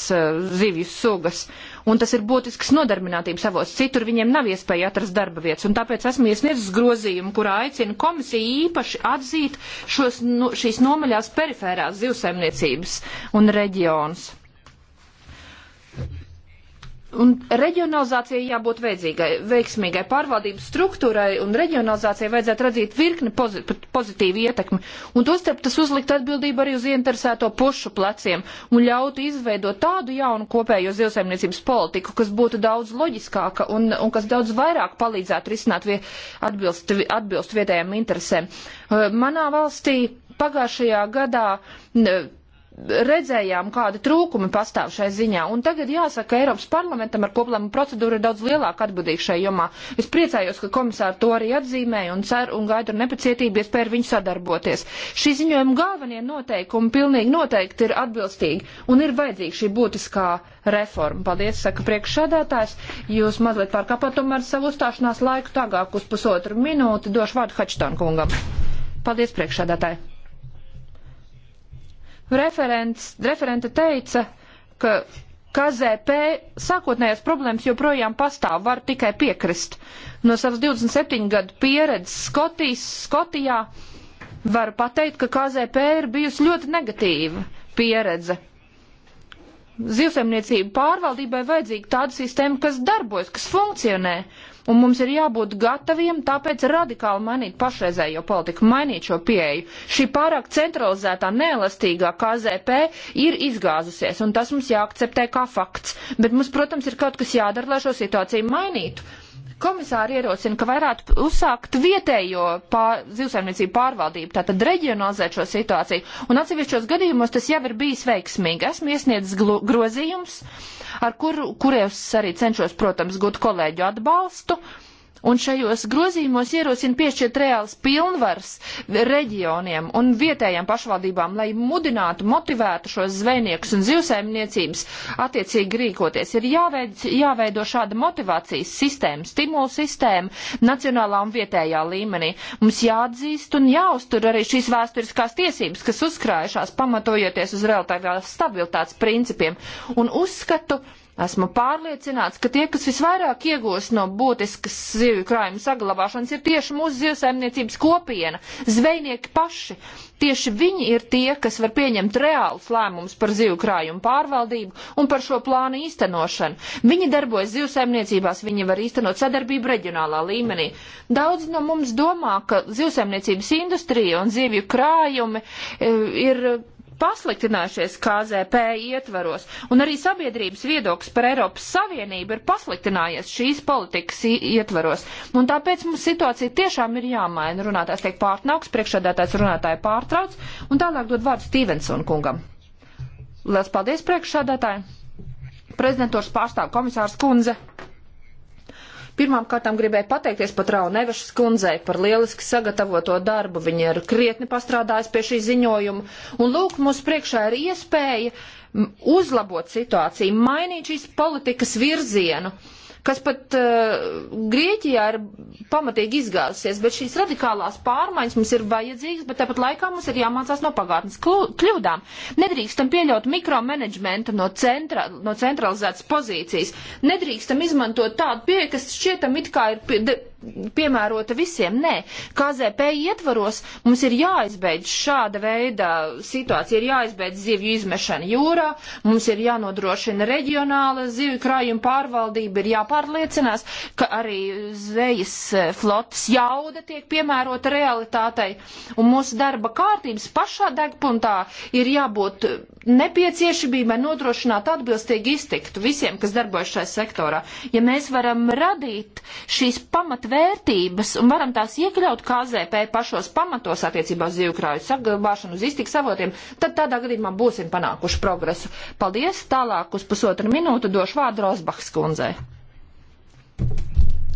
zivju sugas un tas ir būtisks nodarbinātības savos. Citur viņiem nav iespēja atrast darba vietas, un tāpēc esmu iesniedzis grozījumu, kurā aicinu komisiju īpaši atzīt šos, nu, šīs nomaļās perifērās zivsaimniecības un reģionus. Un reģionalizācija jābūt veidzīgai, veiksmīgai pārvaldības struktūrai un reģionalizācijai vajadzētu redzīt virkni pozit pozitīvu ietekmi. Un tostarp tas uzlikt atbildību arī uz ieinteresēto pušu pleciem un ļautu izveidot tādu jaunu kopējo zivsaimniecības politiku, kas būtu daudz loģiskāka un, un kas daudz vairāk palīdzētu risināt vie, atbilst, atbilst vietējiem interesēm. Manā valstī pagājušajā gadā redzējām, kādi trūkumi pastāv šai ziņā. Un tagad jāsaka, ka Eiropas parlamentam ar koplēmu procedūru ir daudz lielāka atbildība šai jomā. Es priecājos, ka komisāri to arī atzīmēja un ceru un gaidu ar nepacietību iespēju ar viņu sadarboties. Šī ziņojuma galvenie noteikumi pilnīgi noteikti ir atbilstīgi un ir vajadzīga šī būtiskā reforma. Paldies, saka priekšsādātājs. Jūs mazliet pārkāpāt tomēr savu uzstāšanās laiku tagad uz pusotru minūti. Došu vārdu Hačtonkungam. Paldies, priekšsādātāji. Referents, referente teica, ka KZP sākotnējās problēmas joprojām pastāv, var tikai piekrist. No savas 27 gadu pieredzes Skotijas, Skotijā var pateikt, ka KZP ir bijusi ļoti negatīva pieredze. Zivsaimniecību pārvaldībai vajadzīga tāda sistēma, kas darbojas, kas funkcionē, un mums ir jābūt gataviem tāpēc radikāli mainīt pašreizējo politiku, mainīt šo pieeju. Šī pārāk centralizētā, neelastīgā KZP ir izgāzusies, un tas mums jāakceptē kā fakts. Bet mums, protams, ir kaut kas jādara, lai šo situāciju mainītu komisāri ierosina, ka varētu uzsākt vietējo pār, zivsaimniecību pārvaldību, tātad reģionalizēt šo situāciju. Un atsevišķos gadījumos tas jau ir bijis veiksmīgi. Esmu iesniedzis grozījums, ar kur, kuriem arī cenšos, protams, gūt kolēģu atbalstu. Uh, Un šajos grozījumos ierosina piešķirt reāls pilnvars reģioniem un vietējām pašvaldībām, lai mudinātu, motivētu šos zvejniekus un zivsaimniecības attiecīgi rīkoties. Ir jāveido, jāveido šāda motivācijas sistēma, stimulu sistēma nacionālā un vietējā līmenī. Mums jāatzīst un jāuztur arī šīs vēsturiskās tiesības, kas uzkrājušās pamatojoties uz relatīvās stabilitātes principiem. Un uzskatu, Esmu pārliecināts, ka tie, kas visvairāk iegūs no būtiskas zivju krājuma saglabāšanas, ir tieši mūsu zivsaimniecības kopiena, zvejnieki paši. Tieši viņi ir tie, kas var pieņemt reālus lēmumus par zivju krājumu pārvaldību un par šo plānu īstenošanu. Viņi darbojas zivsaimniecībās, viņi var īstenot sadarbību reģionālā līmenī. Daudz no mums domā, ka zivsaimniecības industrija un zivju krājumi e, ir pasliktinājušies KZP ietvaros, un arī sabiedrības viedoklis par Eiropas Savienību ir pasliktinājies šīs politikas ietvaros. Un tāpēc mums situācija tiešām ir jāmaina. Runātājs tiek pārtraukts, priekšsēdētājs runātāja pārtrauc, un tālāk dod vārdu Stevenson kungam. Lielas paldies priekšsēdētājai! Prezidentūras pārstāv komisārs Kunze. Pirmām kārtām gribēju pateikties pat Raunevešas kundzei par lieliski sagatavoto darbu. Viņa ir krietni pastrādājusi pie šī ziņojuma. Un lūk, mums priekšā ir iespēja uzlabot situāciju, mainīt šīs politikas virzienu. Uh, kas pat uh, Grieķijā ir pamatīgi izgāzusies, bet šīs radikālās pārmaiņas mums ir vajadzīgas, bet tāpat laikā mums ir jāmācās no pagātnes kļūdām. Nedrīkstam pieļaut mikromanagementu no, centra, no centralizētas pozīcijas. Nedrīkstam izmantot tādu pieeju, kas šķietam it kā ir. Pie, de, piemērota visiem. Nē, KZP ietvaros mums ir jāizbeidz šāda veida situācija, ir jāizbeidz zivju izmešana jūrā, mums ir jānodrošina reģionāla zivju krājuma pārvaldība, ir jāpārliecinās, ka arī zvejas e, flotas jauda tiek piemērota realitātei, un mūsu darba kārtības pašā degpuntā ir jābūt nepieciešamībai nodrošināt atbilstīgi iztiktu visiem, kas darbojas šajā sektorā. Ja mēs varam radīt šīs pamatvērtības un varam tās iekļaut KZP pašos pamatos attiecībā uz zivkrāju saglabāšanu, uz iztiks avotiem, tad tādā gadījumā būsim panākuši progresu. Paldies! Tālāk uz pusotru minūtu došu vārdu Rosbachs kundzei.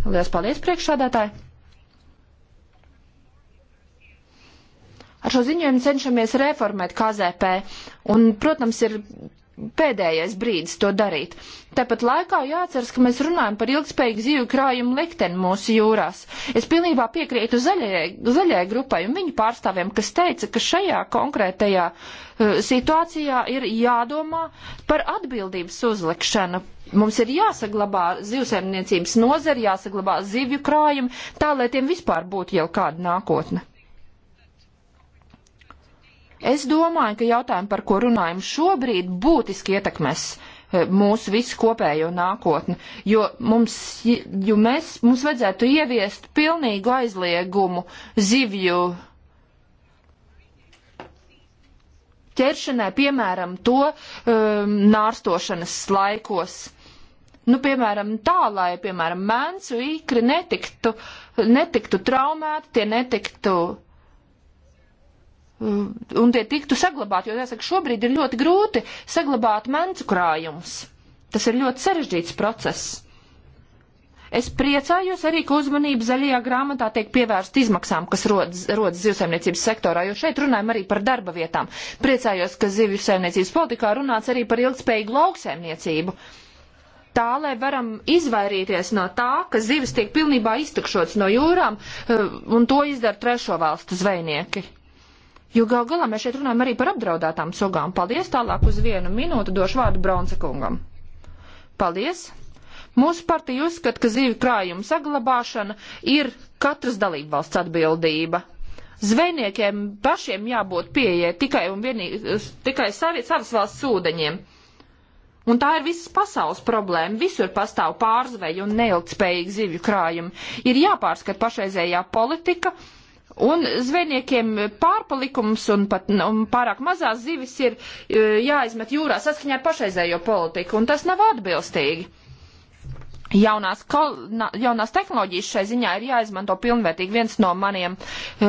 Lielas paldies priekšādātāji! Ar šo ziņojumu cenšamies reformēt KZP, un, protams, ir pēdējais brīdis to darīt. Tāpat laikā jāatceras, ka mēs runājam par ilgspējīgu zīvu krājumu likteni mūsu jūrās. Es pilnībā piekrītu zaļajai, zaļajai grupai un viņu pārstāvjiem, kas teica, ka šajā konkrētajā uh, situācijā ir jādomā par atbildības uzlikšanu. Mums ir jāsaglabā zivsēmniecības nozari, jāsaglabā zivju krājumi, tā lai tiem vispār būtu jau kāda nākotne. Es domāju, ka jautājumi, par ko runājam šobrīd, būtiski ietekmēs eh, mūsu visu kopējo nākotni, jo mums, jo mēs, mums vajadzētu ieviest pilnīgu aizliegumu zivju ķeršanai, piemēram, to um, nārstošanas laikos. Nu, piemēram, tā, lai, piemēram, mēncu īkri netiktu, netiktu traumēti, tie netiktu Mm, un tie tiktu saglabāti, jo, jāsaka, šobrīd ir ļoti grūti saglabāt mencu krājumus. Tas ir ļoti sarežģīts process. Es priecājos arī, ka uzmanība zaļajā grāmatā tiek pievērsta izmaksām, kas rodas, rodas zivsaimniecības sektorā, jo šeit runājam arī par darba vietām. Priecājos, ka zivsaimniecības politikā runāts arī par ilgspējīgu lauksaimniecību. Tā, lai varam izvairīties no tā, ka zivis tiek pilnībā iztukšots no jūrām, eh, un to izdara trešo valstu zvejnieki. Jo gal galā mēs šeit runājam arī par apdraudētām sugām. Paldies, tālāk uz vienu minūtu došu vārdu Braunsa kungam. Paldies! Mūsu partija uzskata, ka zīvi krājuma saglabāšana ir katras dalībvalsts atbildība. Zvejniekiem pašiem jābūt pieejai tikai un vienīgi, tikai savi, savas valsts ūdeņiem. Un tā ir visas pasaules problēma. Visur pastāv pārzveju un neilgtspējīgi zivju krājumi. Ir jāpārskat pašreizējā politika Un zvejniekiem pārpalikums un pat un pārāk mazās zivis ir e, jāizmet jūrā saskaņā ar pašreizējo politiku, un tas nav atbilstīgi. Jaunās, kol, jaunās tehnoloģijas šai ziņā ir jāizmanto pilnvērtīgi. Viens no maniem uh,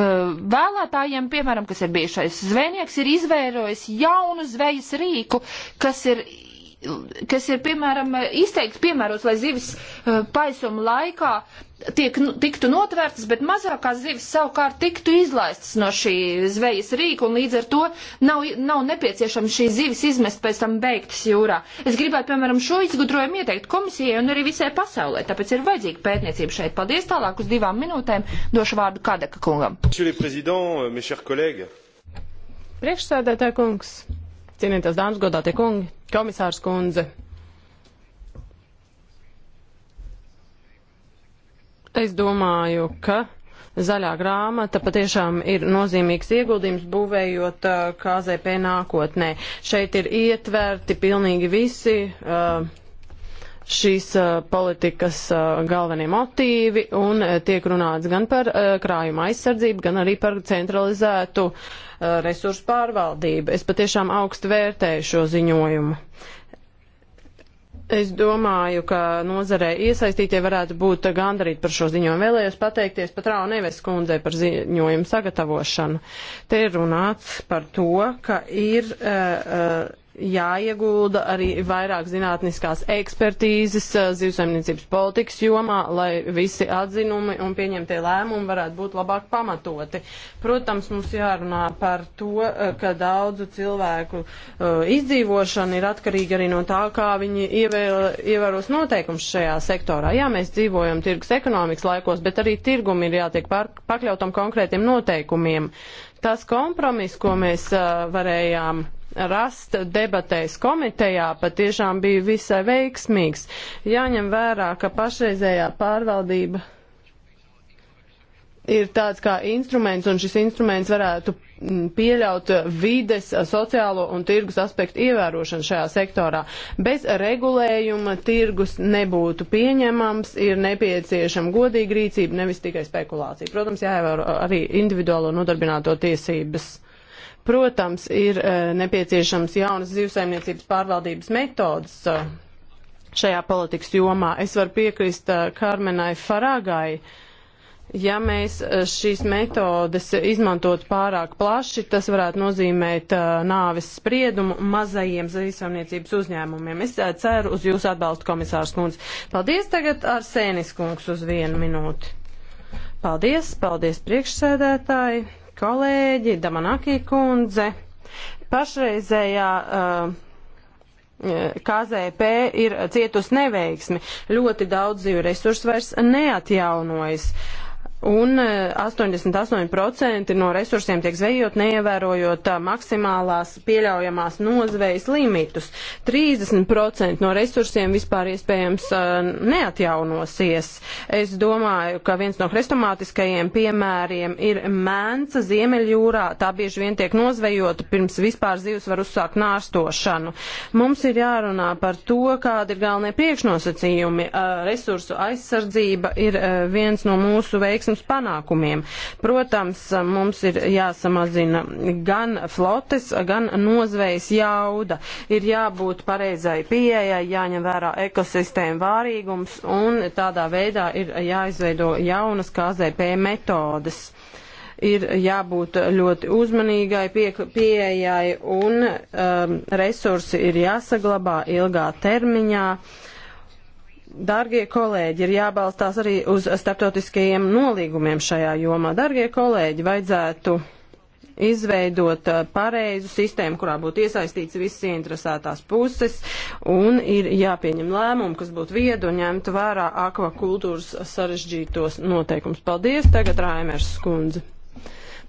vēlētājiem, piemēram, kas ir bijušais zvejnieks, ir izvērojis jaunu zvejas rīku, kas ir kas ir, piemēram, izteikti piemērots, lai zivis eh, paisuma laikā tiek, nu, tiktu notvērtas, bet mazākās zivis savukārt tiktu izlaistas no šī zvejas rīka, un līdz ar to nav, nav nepieciešams šīs zivis izmest pēc tam beigtas jūrā. Es gribētu, piemēram, šo izgudrojumu ieteikt komisijai un arī visai pasaulē, tāpēc ir vajadzīga pētniecība šeit. Paldies tālāk uz divām minūtēm, došu vārdu Kadeka kungam. Euh, Priekšsēdētāj kungs, cienītās dāmas, godātie kungi, Komisārs kundze. Es domāju, ka zaļā grāmata patiešām ir nozīmīgs ieguldījums būvējot uh, KZP nākotnē. Šeit ir ietverti pilnīgi visi uh, šīs uh, politikas uh, galvenie motīvi un uh, tiek runāts gan par uh, krājuma aizsardzību, gan arī par centralizētu uh, Eh, resursu pārvaldība. Es patiešām augstu vērtēju šo ziņojumu. Es domāju, ka nozarē iesaistītie varētu būt gandarīt par šo ziņojumu. Vēlējos pateikties pat Rāu Neves kundzei par ziņojumu sagatavošanu. Te ir runāts par to, ka ir uh, uh, jāiegulda arī vairāk zinātniskās ekspertīzes eh, zivsaimniecības politikas jomā, lai visi atzinumi un pieņemtie lēmumi varētu būt labāk pamatoti. Protams, mums jārunā par to, eh, ka daudzu cilvēku eh, izdzīvošana ir atkarīga arī no tā, kā viņi ievēros noteikums šajā sektorā. Jā, mēs dzīvojam tirgus ekonomikas laikos, bet arī tirgumi ir jātiek pakļautam konkrētiem noteikumiem. Tas kompromiss, ko mēs varējām rast debatēs komitejā patiešām bija visai veiksmīgs. Jāņem vērā, ka pašreizējā pārvaldība ir tāds kā instruments, un šis instruments varētu mm, pieļaut vides, sociālo un tirgus aspektu ievērošanu šajā sektorā. Bez regulējuma tirgus nebūtu pieņemams, ir nepieciešama godīga rīcība, nevis tikai spekulācija. Protams, jāievēro arī individuālo nodarbināto tiesības. Protams, ir eh, nepieciešams jaunas zivsaimniecības pārvaldības metodas eh, šajā politikas jomā. Es varu piekrist eh, Karmenai Faragai. Ja mēs šīs metodes izmantot pārāk plaši, tas varētu nozīmēt nāves spriedumu mazajiem zīvesaimniecības uzņēmumiem. Es ceru uz jūsu atbalstu, komisārs kundze. Paldies tagad ar sēnis kungs uz vienu minūti. Paldies, paldies priekšsēdētāji kolēģi, Damanakī kundze. Pašreizējā uh, KZP ir cietusi neveiksmi. Ļoti daudz dzīvu resursu vairs neatjaunojas. Uh, Un 88% e, no resursiem tiek zvejot, neievērojot e, maksimālās pieļaujamās nozvejas limitus. 30% no resursiem vispār iespējams e, neatjaunosies. Es domāju, ka viens no hrestomātiskajiem piemēriem ir mēnca Ziemeļjūrā. Tā bieži vien tiek nozvejota pirms vispār zivs var uzsākt nārstošanu. Mums ir jārunā par to, kādi ir galvenie priekšnosacījumi. Resursu aizsardzība ir viens no mūsu veiksmēm satiksmes panākumiem. Protams, mums ir jāsamazina gan flotes, gan nozvejas jauda. Ir jābūt pareizai pieejai, jāņem vērā ekosistēma vārīgums un tādā veidā ir jāizveido jaunas KZP metodas ir jābūt ļoti uzmanīgai pie, pieejai un um, resursi ir jāsaglabā ilgā termiņā. Uh, Dargie kolēģi, ir jābalstās arī uz starptautiskajiem nolīgumiem šajā jomā. Dargie kolēģi, vajadzētu izveidot uh, pareizu sistēmu, kurā būtu iesaistīts visas interesētās puses, un ir jāpieņem lēmumu, kas būtu viedu un ņemtu vērā akvakultūras sarežģītos noteikums. Paldies, tagad Rāmers skundze.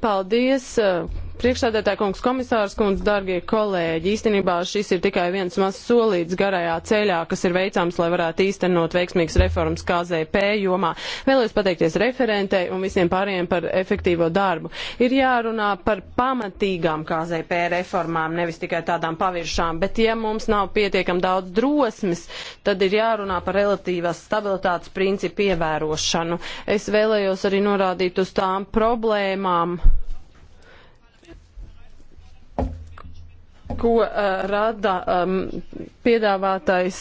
Paldies, uh, Priekšsēdētāja kungs, komisārs kungs, dargie kolēģi, īstenībā šis ir tikai viens mazs solīts garajā ceļā, kas ir veicams, lai varētu īstenot veiksmīgas reformas KZP jomā. Vēlos pateikties referentei un visiem pārējiem par efektīvo darbu. Ir jārunā par pamatīgām KZP reformām, nevis tikai tādām paviršām, bet ja mums nav pietiekam daudz drosmes, tad ir jārunā par relatīvās stabilitātes principu ievērošanu. Es vēlējos arī norādīt uz tām problēmām, ko uh, rada um, piedāvātais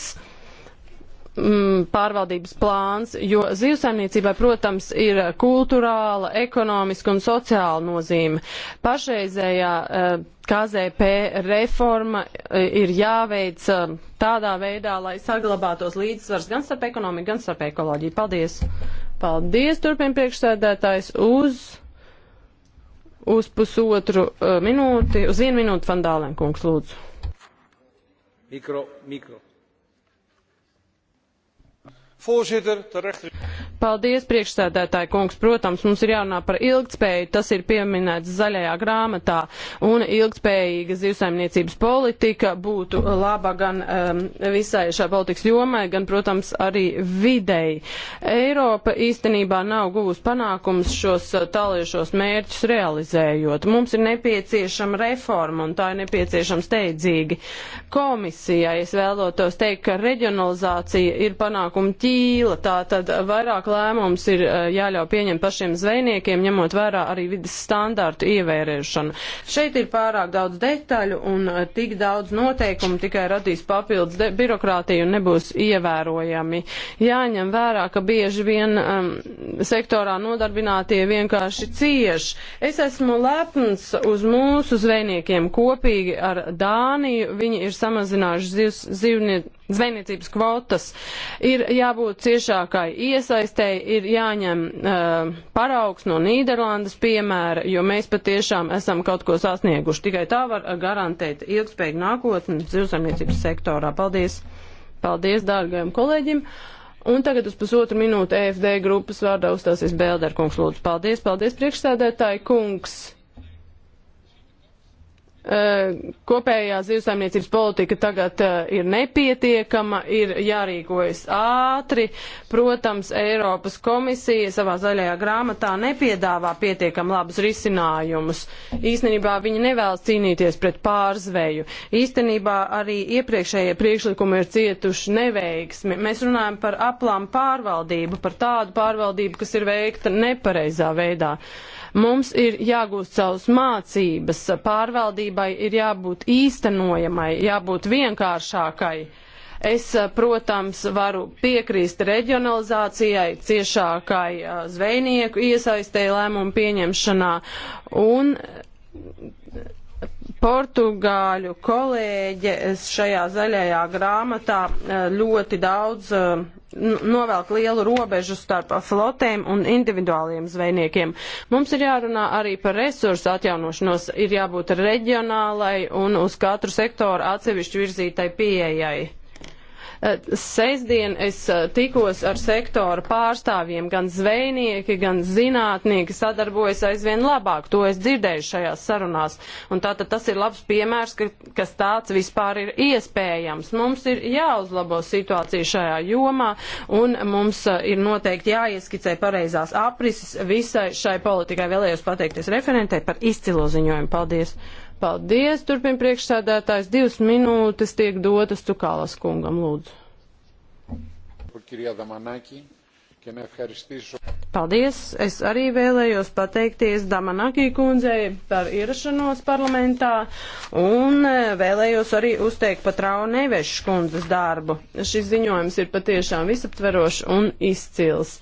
mm, pārvaldības plāns, jo zivsaimniecībai, protams, ir kultūrāla, ekonomiska un sociāla nozīme. Pašreizējā uh, KZP reforma uh, ir jāveic uh, tādā veidā, lai saglabātos līdzsvars gan starp ekonomiku, gan starp ekoloģiju. Paldies! Paldies, turpin priekšsēdētājs, uz uz pusotru uh, minūti, uz vienu minūti Fandālēn kungs lūdzu. Mikro, mikro. Voorzitter, terecht. Paldies, priekšsēdētāji kungs. Protams, mums ir jārunā par ilgtspēju. Tas ir pieminēts zaļajā grāmatā. Un ilgtspējīga zivsaimniecības politika būtu laba gan um, visai šai politikas jomai, gan, protams, arī videi. Eiropa īstenībā nav guvusi panākums šos uh, tāliešos mērķus realizējot. Mums ir nepieciešama reforma, un tā ir nepieciešama steidzīgi. Komisijai es vēlotos teikt, ka reģionalizācija ir panākuma ķīla. Tā tad vairāk lēmums ir eh, jāļauj pieņemt pašiem zvejniekiem, ņemot vērā arī vidas standārtu ievērēšanu. Šeit ir pārāk daudz detaļu un eh, tik daudz noteikumu tikai radīs papildus birokrātiju un nebūs ievērojami. Jāņem vērā, ka bieži vien um, sektorā nodarbinātie vienkārši cieš. Es esmu lepns uz mūsu zvejniekiem kopīgi ar Dāniju. Viņi ir samazinājuši zivnieku zvejniecības kvotas, ir jābūt ciešākai iesaistē komiteja ir jāņem uh, paraugs no Nīderlandes piemēra, jo mēs patiešām esam kaut ko sasnieguši. Tikai tā var garantēt ilgspējīgu nākotni zivsaimniecības sektorā. Paldies! Paldies dārgajam kolēģim! Un tagad uz pusotru minūtu EFD grupas vārdā uzstāsies Bēlderkungs. Lūdzu, paldies, paldies priekšsēdētāji kungs! Eh, kopējā zivsaimniecības politika tagad uh, ir nepietiekama, ir jārīkojas ātri. Protams, Eiropas komisija savā zaļajā grāmatā nepiedāvā pietiekam labus risinājumus. Īstenībā viņi nevēlas cīnīties pret pārzveju. Īstenībā arī iepriekšējie priekšlikumi ir cietuši neveiksmi. Mēs runājam par aplām pārvaldību, par tādu pārvaldību, kas ir veikta nepareizā veidā. Uh, Mums ir jāgūst savas mācības, pārvaldībai ir jābūt īstenojamai, jābūt vienkāršākai. Es, eh, protams, varu piekrīst reģionalizācijai, ciešākai eh, zvejnieku iesaistē lēmumu pieņemšanā un eh, portugāļu kolēģe šajā zaļajā grāmatā ļoti daudz novelk lielu robežu starp flotēm un individuāliem zvejniekiem. Mums ir jārunā arī par resursu atjaunošanos, ir jābūt reģionālai un uz katru sektoru atsevišķi virzītai pieejai. Eh, Sesdien es eh, tikos ar sektoru pārstāvjiem, gan zvejnieki, gan zinātnieki sadarbojas aizvien labāk. To es dzirdēju šajās sarunās. Un tātad tas ir labs piemērs, ka, kas tāds vispār ir iespējams. Mums ir jāuzlabo situācija šajā jomā un mums eh, ir noteikti jāieskicē pareizās aprises visai šai politikai. Vēlējos pateikties referentei par izcilo ziņojumu. Paldies! Paldies, turpin priekšsēdētājs. Divas minūtes tiek dotas Cukālas kungam, lūdzu. Paldies! Es arī vēlējos pateikties Damanakī kundzei par ierašanos parlamentā un e, vēlējos arī uzteikt pat Rau Nevešu kundzes darbu. Šis ziņojums ir patiešām visaptverošs un izcils.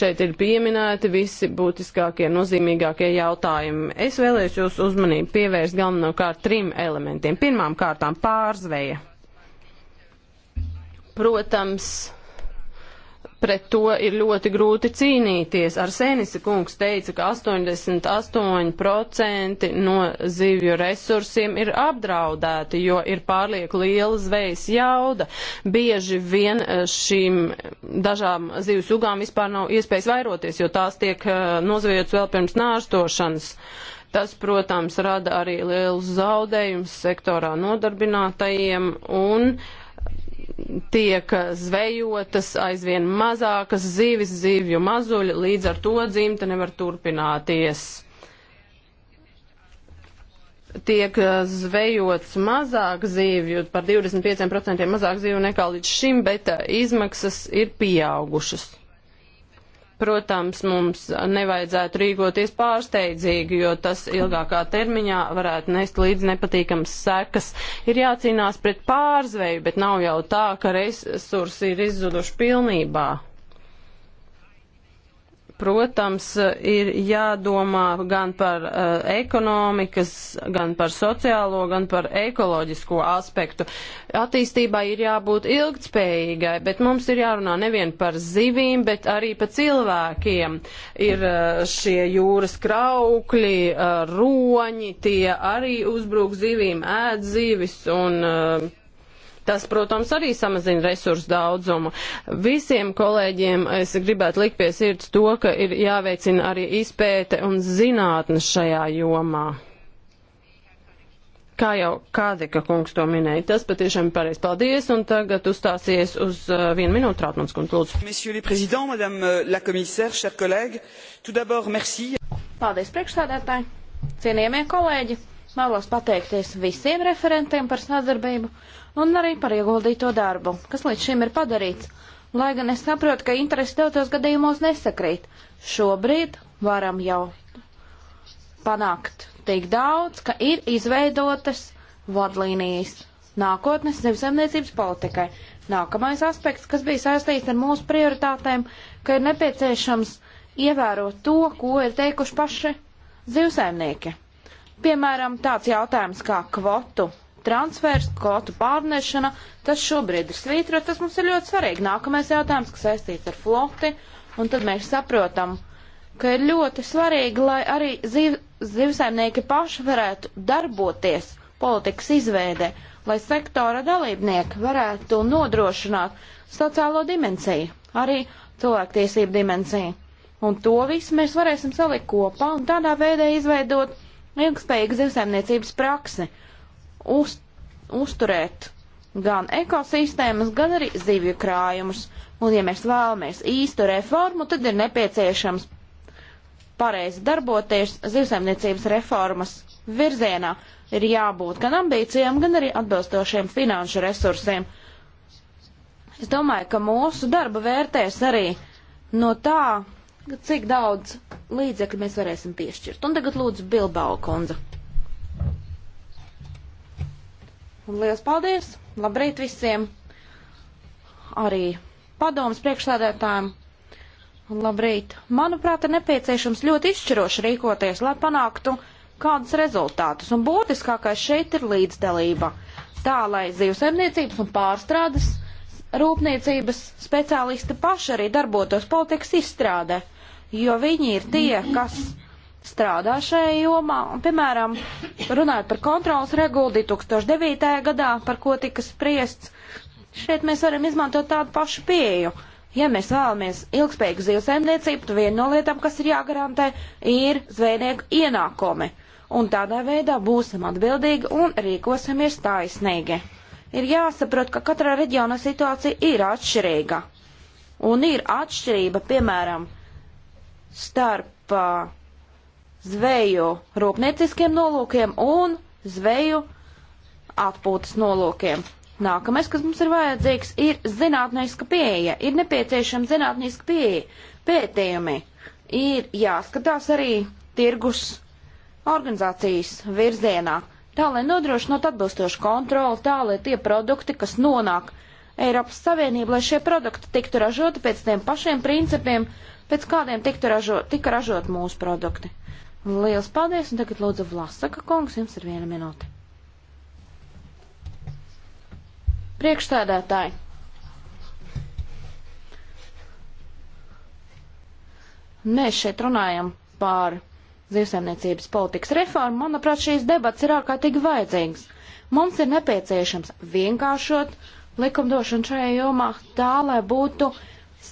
Šeit ir pieminēti visi būtiskākie, nozīmīgākie jautājumi. Es vēlējos jūs uzmanību pievērst galvenokārt trim elementiem. Pirmām kārtām pārzveja. Protams, pret to ir ļoti grūti cīnīties. Ar Sēnisa kungs teica, ka 88% no zivju resursiem ir apdraudēti, jo ir pārlieku liela zvejas jauda. Bieži vien eh, šīm dažām zivju sugām vispār nav iespējas vairoties, jo tās tiek eh, nozvejotas vēl pirms nārstošanas. Tas, protams, rada arī lielus zaudējumus sektorā nodarbinātajiem un uh, tiek zvejotas aizvien mazākas zīves, zīvju mazuļi, līdz ar to dzimta nevar turpināties. Tiek eh, zvejots mazāk zīvju, par 25% mazāk zīvju nekā līdz šim, bet eh, izmaksas ir pieaugušas. Protams, mums nevajadzētu rīkoties pārsteidzīgi, jo tas ilgākā termiņā varētu nest līdz nepatīkams sekas. Ir jācīnās pret pārzveju, bet nav jau tā, ka resursi ir izzuduši pilnībā. Protams, ir jādomā gan par uh, ekonomikas, gan par sociālo, gan par ekoloģisko aspektu. Attīstībai ir jābūt ilgtspējīgai, bet mums ir jārunā nevien par zivīm, bet arī par cilvēkiem. Ir uh, šie jūras kraukļi, uh, roņi, tie arī uzbruk zivīm, ēd zivis un. Uh, Tas, protams, arī samazina resursu daudzumu. Visiem kolēģiem es gribētu likt pie sirds to, ka ir jāveicina arī izpēte un zinātne šajā jomā. Kā jau Kādeka kungs to minēja, tas patiešām ir pareizi. Paldies, un tagad uzstāsies uz uh, vienu minūtu Trautmans kungs, lūdzu. Monsieur le président, madame uh, la commissaire, chers collègues, tout d'abord, merci. Paldies, priekšstādātāji, cienījamie kolēģi. Vēlos pateikties visiem referentiem par sadarbību un arī par ieguldīto darbu, kas līdz šim ir padarīts. Lai gan es saprotu, ka interesi daudzos gadījumos nesakrīt, šobrīd varam jau panākt tik daudz, ka ir izveidotas vadlīnijas nākotnes zemniecības politikai. Nākamais aspekts, kas bija saistīts ar mūsu prioritātēm, ka ir nepieciešams ievērot to, ko ir teikuši paši zivsaimnieki. Piemēram, tāds jautājums kā kvotu transfers, kvotu pārnešana, tas šobrīd ir svītrot, tas mums ir ļoti svarīgi. Nākamais jautājums, kas saistīts ar floti, un tad mēs saprotam, ka ir ļoti svarīgi, lai arī ziv, zivsaimnieki paši varētu darboties politikas izveidē, lai sektora dalībnieki varētu nodrošināt sociālo dimensiju, arī cilvēktiesību dimensiju. Un to visu mēs varēsim salikt kopā un tādā veidā izveidot ilgspējīgu zivsaimniecības praksi uz, uzturēt gan ekosistēmas, gan arī zivju krājumus. Un, ja mēs vēlamies īstu reformu, tad ir nepieciešams pareizi darboties zivsaimniecības reformas virzienā. Ir jābūt gan ambīcijām, gan arī atbilstošiem finanšu resursiem. Es domāju, ka mūsu darba vērtēs arī no tā, cik daudz līdzekļu mēs varēsim piešķirt. Un tagad lūdzu Bilbao kundze. Un liels paldies! Labrīt visiem! Arī padomas priekšsēdētājiem! Un labrīt! Manuprāt, ir nepieciešams ļoti izšķiroši rīkoties, lai panāktu kādus rezultātus. Un būtiskākais šeit ir līdzdalība. Tā, lai zivsaimniecības un pārstrādes rūpniecības speciālisti paši arī darbotos politikas izstrādē, jo viņi ir tie, kas strādā šajā jomā. Un, piemēram, runājot par kontrolas regulu 2009. gadā, par ko tika spriests, šeit mēs varam izmantot tādu pašu pieeju. Ja mēs vēlamies ilgspējīgu zivsaimniecību, tad viena no lietām, kas ir jāgarantē, ir zvejnieku ienākumi. Un tādā veidā būsim atbildīgi un rīkosimies taisnīgi. Ir jāsaprot, ka katrā reģiona situācija ir atšķirīga. Un ir atšķirība, piemēram, starp uh, zveju rūpnieciskiem nolūkiem un zveju atpūtas nolūkiem. Nākamais, kas mums ir vajadzīgs, ir zinātniska pieeja. Ir nepieciešama zinātniska pieeja. Pētījumi ir jāskatās arī tirgus organizācijas virzienā, tā lai nodrošinot atbilstošu kontroli, tā lai tie produkti, kas nonāk Eiropas Savienību, lai šie produkti tiktu ražoti pēc tiem pašiem principiem, pēc kādiem ražo, tika ražot mūsu produkti. Lielas paldies, un tagad lūdzu Vlasaka kungs, jums ir viena minūte. Priekšstādātāji. Mēs šeit runājam par zivsaimniecības politikas reformu. Manuprāt, šīs debats ir ārkārtīgi vajadzīgs. Mums ir nepieciešams vienkāršot likumdošanu šajā jomā tā, lai būtu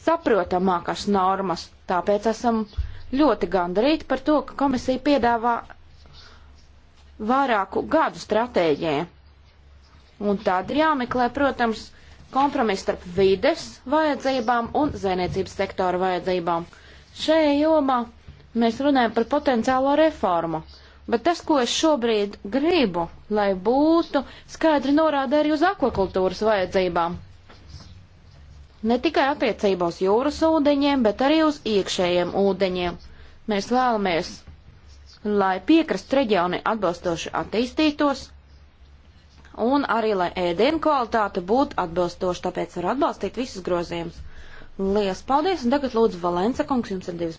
saprotamākas normas. Tāpēc esam uh, ļoti gandarīti par to, ka komisija piedāvā vairāku gadu stratēģiju. Un tad ir jāmeklē, protams, kompromiss starp vides vajadzībām un zvejniecības sektora vajadzībām. Šajā jomā mēs runājam par potenciālo reformu, bet tas, ko es šobrīd gribu, lai būtu, skaidri norāda arī uz akvakultūras vajadzībām. Ne tikai attiecībā uz jūras ūdeņiem, bet arī uz iekšējiem ūdeņiem. Mēs vēlamies, lai piekrastu reģioni atbilstoši attīstītos, un arī, lai ēdienu kvalitāte būtu atbilstoša, tāpēc var atbalstīt visus grozījumus. Lielas paldies, un tagad lūdzu Valence kungs, jums ir divas.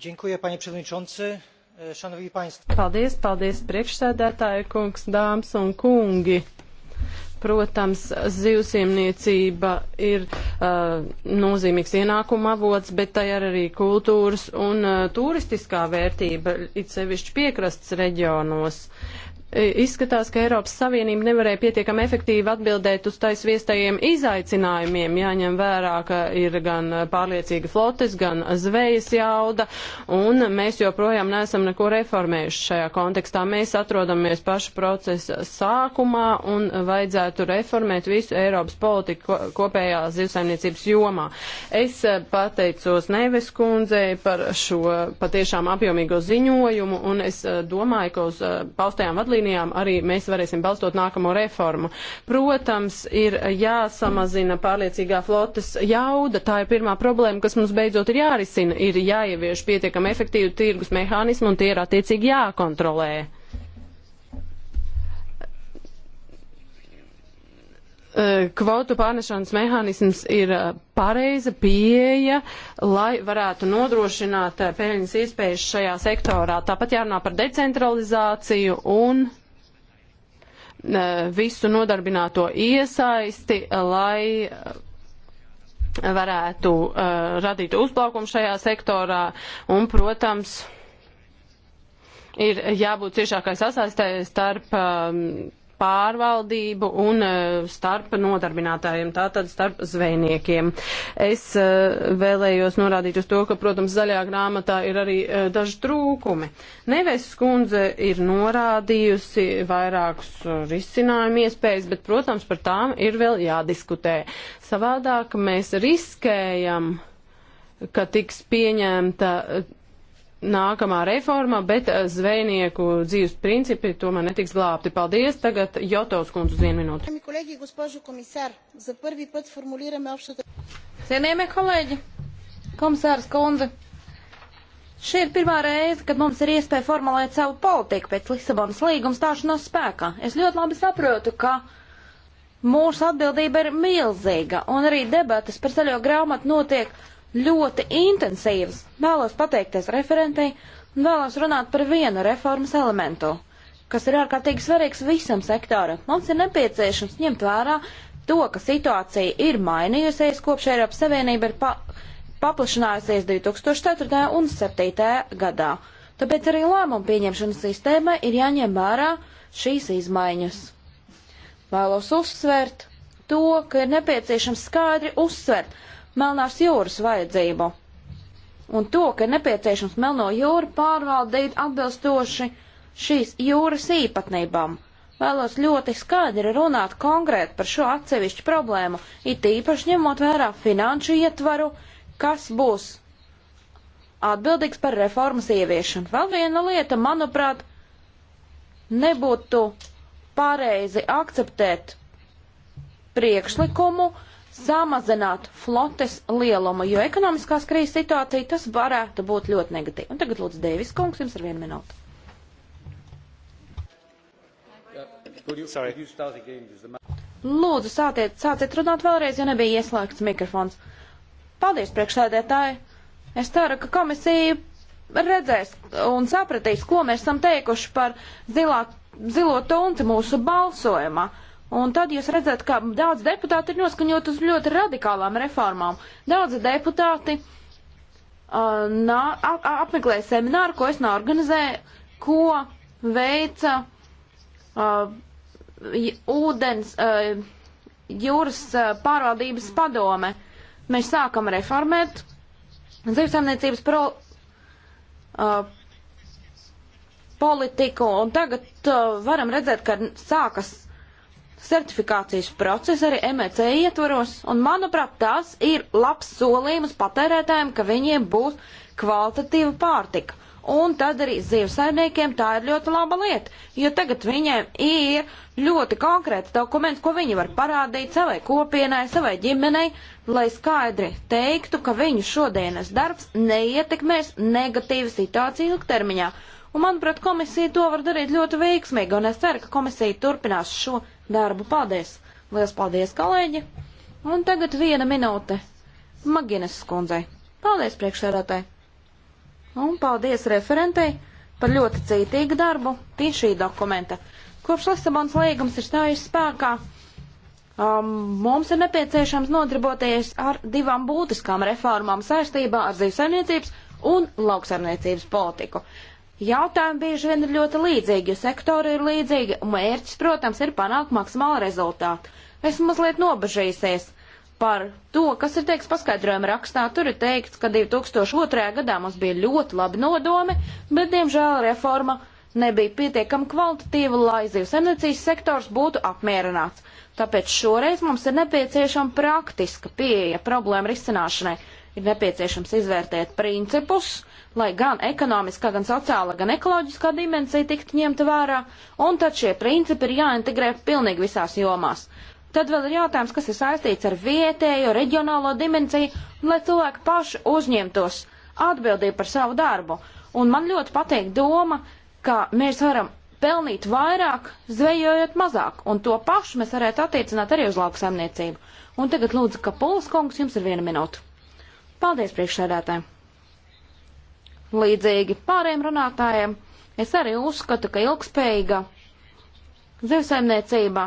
Dziękuję, panie przewodniczący. E, paldies, paldies, priekšsēdētāji kungs, dāmas un kungi. Protams, zivsiemniecība ir uh, nozīmīgs ienākuma avots, bet tai ir arī kultūras un uh, turistiskā vērtība, it sevišķi piekrasts reģionos. Uh, E, izskatās, ka Eiropas Savienība nevarēja pietiekami efektīvi atbildēt uz taisviestajiem izaicinājumiem. Jāņem vērā, ka ir gan pārliecīga flotes, gan zvejas jauda, un mēs joprojām neesam neko reformējuši šajā kontekstā. Mēs atrodamies paša procesa sākumā un vajadzētu reformēt visu Eiropas politiku kopējā zivsaimniecības jomā. Es pateicos Neves kundzei par šo patiešām apjomīgo ziņojumu, un es e, domāju, ka uz e, paustajām vadlīnijām vadlīnijām arī mēs varēsim balstot nākamo reformu. Protams, ir jāsamazina pārliecīgā flotes jauda. Tā ir pirmā problēma, kas mums beidzot ir jārisina. Ir jāievieš pietiekami efektīvi tirgus mehānismi un tie ir attiecīgi jākontrolē. kvotu pārnešanas mehānisms ir pareiza pieeja, lai varētu nodrošināt peļņas iespējas šajā sektorā. Tāpat jārunā par decentralizāciju un visu nodarbināto iesaisti, lai varētu radīt uzplaukumu šajā sektorā un, protams, ir jābūt ciešākai sasaistē starp pārvaldību un e, starp nodarbinātājiem, tātad starp zvejniekiem. Es e, vēlējos norādīt uz to, ka, protams, zaļā grāmatā ir arī e, daži trūkumi. Neves skundze ir norādījusi vairākus risinājumu iespējas, bet, protams, par tām ir vēl jādiskutē. Savādāk mēs riskējam ka tiks pieņemta nākamā reforma, bet eh, zvejnieku dzīves principi tomēr netiks glābti. Paldies. Tagad Jotovs kundze uz vienu minūti. Cienījamie kolēģi, komisārs kundze, šī ir pirmā reize, kad mums ir iespēja formulēt savu politiku pēc Lisabonas līguma stāšanās spēkā. Es ļoti labi saprotu, ka mūsu atbildība ir milzīga, un arī debatas par zaļo grāmatu notiek ļoti intensīvas. Vēlos pateikties referentei un vēlos runāt par vienu reformas elementu, kas ir ārkārtīgi svarīgs visam sektoram. Mums ir nepieciešams ņemt vērā to, ka situācija ir mainījusies kopš Eiropas Savienība ir pa paplašinājusies 2004. un 2007. gadā. Tāpēc arī lēmumu pieņemšanas sistēmai ir jāņem vērā šīs izmaiņas. Vēlos uzsvērt to, ka ir nepieciešams skaidri uzsvērt, Melnās jūras vajadzību un to, ka nepieciešams Melno jūru pārvaldīt atbilstoši šīs jūras īpatnībām. Vēlos ļoti skaidri runāt konkrēti par šo atsevišķu problēmu, it īpaši ņemot vērā finanšu ietvaru, kas būs atbildīgs par reformas ieviešanu. Vēl viena lieta, manuprāt, nebūtu pareizi akceptēt priekšlikumu, uh, samazināt flotes lielumu, jo ekonomiskās krīzes situācija tas varētu būt ļoti negatīvi. Un tagad lūdzu Dēvis kungs jums ar vienu minūtu. Lūdzu, sāciet, sāciet runāt vēlreiz, jo nebija ieslēgts mikrofons. Paldies, priekšsēdētāji. Es ceru, ka komisija redzēs un sapratīs, ko mēs esam teikuši par zilā, zilo tunci mūsu balsojumā. Uh, Un tad jūs redzat, ka daudz deputāti ir noskaņot uz ļoti radikālām reformām. Daudzi deputāti uh, nā, ap, apmeklē semināru, ko es norganizēju, ko veica uh, ūdens uh, jūras uh, pārvaldības padome. Mēs sākam reformēt zivsaimniecības pro, uh, politiku, un tagad uh, varam redzēt, ka sākas certifikācijas process arī MEC ietvaros, un manuprāt, tas ir labs solījums patērētājiem, ka viņiem būs kvalitatīva pārtika. Un tad arī zivsaimniekiem tā ir ļoti laba lieta, jo tagad viņiem ir ļoti konkrēts dokuments, ko viņi var parādīt savai kopienai, savai ģimenei, lai skaidri teiktu, ka viņu šodienas darbs neietekmēs negatīvu situāciju ilgtermiņā. Un, manuprāt, komisija to var darīt ļoti veiksmīgi, un es ceru, ka komisija turpinās šo darbu. Paldies! Lielas paldies, kolēģi! Un tagad viena minūte Magines skundzei. Paldies priekšsēdētāji! Un paldies referentei par ļoti cītīgu darbu pie šī dokumenta. Kopš Lisabonas līgums ir stājies spēkā, um, mums ir nepieciešams nodarboties ar divām būtiskām reformām saistībā ar zivsaimniecības un lauksaimniecības politiku. Jautājumi bieži vien ir ļoti līdzīgi, jo sektori ir līdzīgi, un mērķis, protams, ir panākt maksimālu rezultātu. Esmu mazliet nobežījusies par to, kas ir teiks paskaidrojuma rakstā. Tur ir teikts, ka 2002. gadā mums bija ļoti labi nodomi, bet, diemžēl, reforma nebija pietiekami kvalitatīva, lai zivsaimniecības sektors būtu apmierināts. Tāpēc šoreiz mums ir nepieciešama praktiska pieeja problēma risināšanai. Ir nepieciešams izvērtēt principus, lai gan ekonomiskā, gan sociālā, gan ekoloģiskā dimensija tiktu ņemta vērā, un tad šie principi ir jāintegrē pilnīgi visās jomās. Tad vēl ir jautājums, kas ir saistīts ar vietējo, reģionālo dimensiju, lai cilvēki paši uzņemtos atbildību par savu darbu. Un man ļoti patīk doma, ka mēs varam pelnīt vairāk, zvejojot mazāk, un to pašu mēs varētu attiecināt arī uz lauksaimniecību. Un tagad lūdzu, ka Pols kungs jums ir viena minūte. Paldies priekšsēdētājiem! Līdzīgi pāriem runātājiem, es arī uzskatu, ka ilgspējīga zivsaimniecība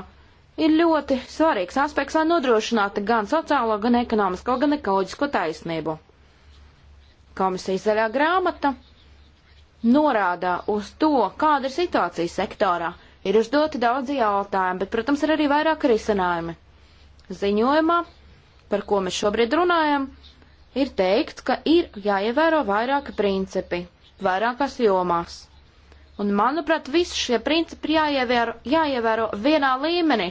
ir ļoti svarīgs aspekts, lai nodrošinātu gan sociālo, gan ekonomisko, gan ekoloģisko taisnību. Komisijas zaļā grāmata norāda uz to, kāda ir situācija sektorā. Ir uzdoti daudzi jautājumi, bet, protams, ir arī vairāk risinājumi. Ziņojumā, par ko mēs šobrīd runājam, ir teikt, ka ir jāievēro vairāki principi, vairākās jomās. Un, manuprāt, visi šie principi jāievēro, jāievēro vienā līmenī,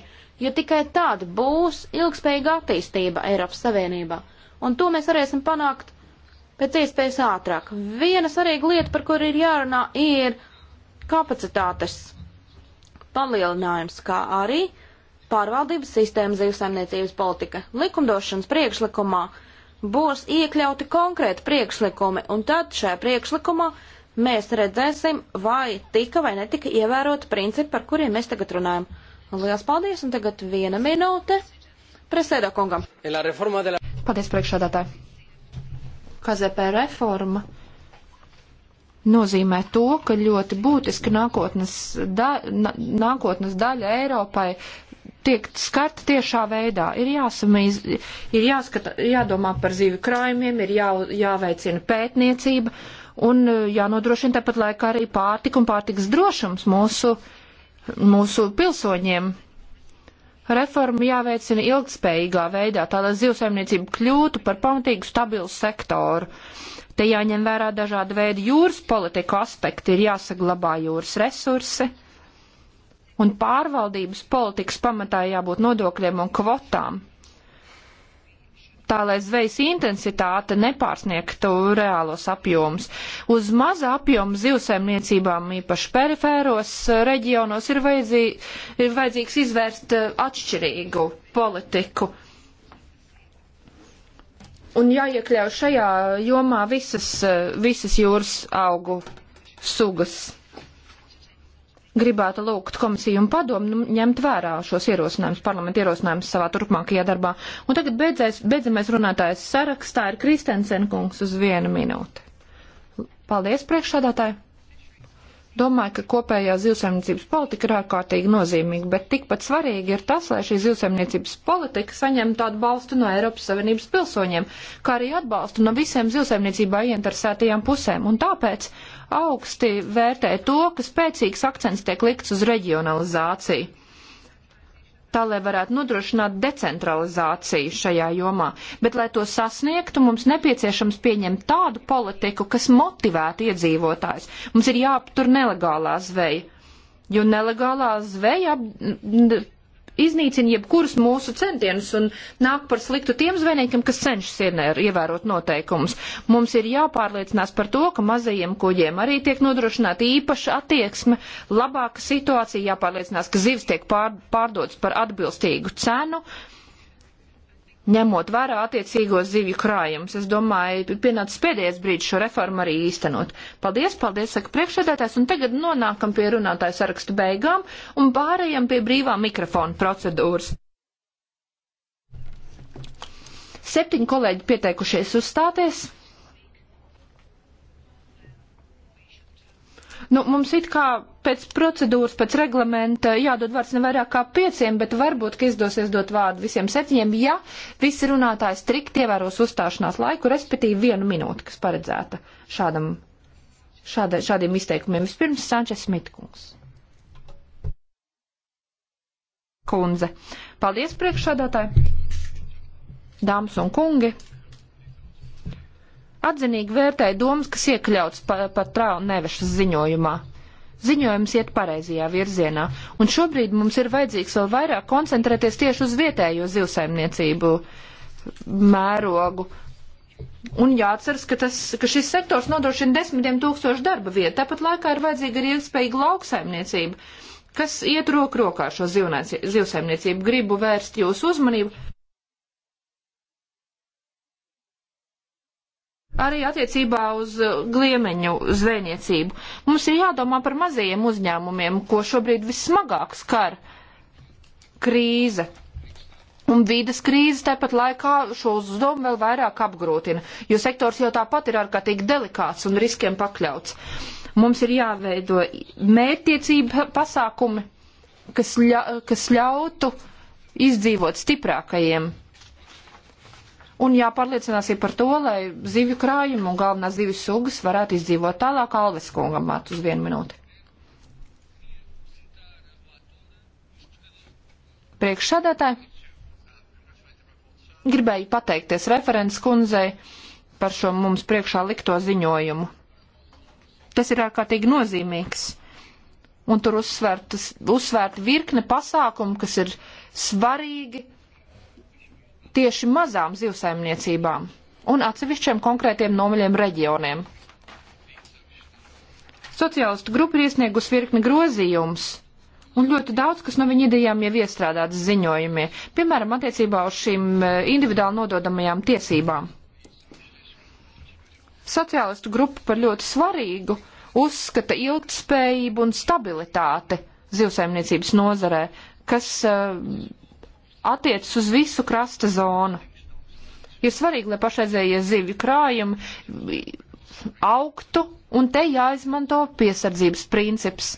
jo tikai tad būs ilgspējīga attīstība Eiropas Savienībā. Un to mēs varēsim panākt pēc iespējas ātrāk. Viena svarīga lieta, par kuru ir jārunā, ir kapacitātes palielinājums, kā arī pārvaldības sistēma zivsaimniecības politika. Likumdošanas priekšlikumā uh, būs iekļauti konkrēti priekšlikumi, un tad šajā priekšlikumā mēs redzēsim, vai tika vai netika ievērot principi, par kuriem mēs tagad runājam. Lielas paldies, un tagad viena minūte presēdā kungam. Paldies, priekšādātāji. KZP reforma nozīmē to, ka ļoti būtiski nākotnes, da, nākotnes daļa Eiropai tiek skarta tiešā veidā. Ir, jāsamīz, ir jāskata, jādomā par zīvi krājumiem, ir jā, jāveicina pētniecība un eh, jānodrošina tāpat laikā arī pārtika un pārtikas drošums mūsu, mūsu pilsoņiem. Reforma jāveicina ilgspējīgā veidā, tā lai zivsaimniecība kļūtu par pamatīgu stabilu sektoru. Te jāņem vērā dažādi veidi jūras politiku aspekti, ir jāsaglabā jūras resursi un pārvaldības politikas pamatā jābūt nodokļiem un kvotām. Tā, lai zvejas intensitāte nepārsniegtu reālos apjomus. Uz maza apjoma zivsaimniecībām, īpaši perifēros reģionos, ir, vajadzī, ir vajadzīgs izvērst eh, atšķirīgu politiku un jāiekļauj šajā jomā visas, eh, visas jūras augu sugas gribētu lūgt komisiju un padomu nu, ņemt vērā šos ierosinājumus, parlamentu ierosinājumus savā turpmākajā darbā. Un tagad beidzais, beidzamais runātājs sarakstā ir Kristensen kungs uz vienu minūti. Paldies, priekšsādātāji! Domāju, ka kopējā zivsaimniecības politika ir ārkārtīgi nozīmīga, bet tikpat svarīgi ir tas, lai šī zivsaimniecības politika saņemtu atbalstu no Eiropas Savienības pilsoņiem, kā arī atbalstu no visiem zivsaimniecībā ieinteresētajām pusēm. Un tāpēc augsti vērtē to, ka spēcīgs akcents tiek likts uz reģionalizāciju tā lai varētu nodrošināt decentralizāciju šajā jomā. Bet, lai to sasniegtu, mums nepieciešams pieņemt tādu politiku, kas motivētu iedzīvotājs. Mums ir jāaptur nelegālā zveja, jo nelegālā zveja iznīcina jebkurus mūsu centienus un nāk par sliktu tiem zvejniekiem, kas cenšas ievērot noteikumus. Mums ir jāpārliecinās par to, ka mazajiem kuģiem arī tiek nodrošināta īpaša attieksme, labāka situācija, jāpārliecinās, ka zivs tiek pār, pārdotas par atbilstīgu cenu. Uh, ņemot vērā attiecīgos zivju krājumus. Es domāju, pienācis pēdējais brīdis šo reformu arī īstenot. Paldies, paldies, saka priekšsēdētājs, un tagad nonākam pie runātāju sarakstu beigām un pārējam pie brīvā mikrofona procedūras. Septiņi kolēģi pieteikušies uzstāties. Nu, mums it kā pēc procedūras, pēc reglamenta jādod vārds ne vairāk kā pieciem, bet varbūt, ka izdosies dot vārdu visiem septiņiem, ja visi runātāji strikt ievēros uzstāšanās laiku, respektīvi vienu minūti, kas paredzēta šādam, šāda, šādiem izteikumiem. Vispirms Sančes Mitkungs. Kundze. Paldies priekšsādātāji. Dāmas un kungi. Atzinīgi vērtēju domas, kas iekļauts pat pa trālu nevešas ziņojumā. Ziņojums iet pareizajā virzienā, un šobrīd mums ir vajadzīgs vēl vairāk koncentrēties tieši uz vietējo zivsaimniecību mērogu. Un jāatceras, ka, tas, ka šis sektors nodrošina desmitiem tūkstošu darba vietu, tāpat laikā ir vajadzīga arī ilgspējīga lauksaimniecība, kas iet roku rokā šo zivsaimniecību. Gribu vērst jūsu uzmanību Arī attiecībā uz uh, gliemeņu zvejniecību. Mums ir jādomā par mazajiem uzņēmumiem, ko šobrīd vismagāk skar krīze. Un vīdes krīze tāpat laikā šo uzdevumu vēl vairāk apgrūtina, jo sektors jau tāpat ir ārkārtīgi delikāts un riskiem pakļauts. Mums ir jāveido mērķtiecība pasākumi, kas, ļa, kas ļautu izdzīvot stiprākajiem un jāpārliecinās arī par to, lai zivju krājumu un galvenās divas sugas varētu izdzīvot tālāk Alves kungam māt uz vienu minūti. Priekšsēdētāji, gribēju pateikties referents kundzei par šo mums priekšā likto ziņojumu. Tas ir ārkārtīgi nozīmīgs. Un tur uzsvērta virkne pasākumu, kas ir svarīgi tieši mazām zivsaimniecībām un atsevišķiem konkrētiem nomaļiem reģioniem. Sociālistu grupa ir iesniegusi virkni grozījums, un ļoti daudz, kas no viņa idejām jau iestrādāts ziņojumie, piemēram, attiecībā uz šīm e, individuāli nododamajām tiesībām. Sociālistu grupa par ļoti svarīgu uzskata ilgtspējību un stabilitāti zivsaimniecības nozarē, kas uh, attiecas uz visu krasta zonu. Ir svarīgi, lai pašreizējie zivju krājumi augtu, un te jāizmanto piesardzības princips.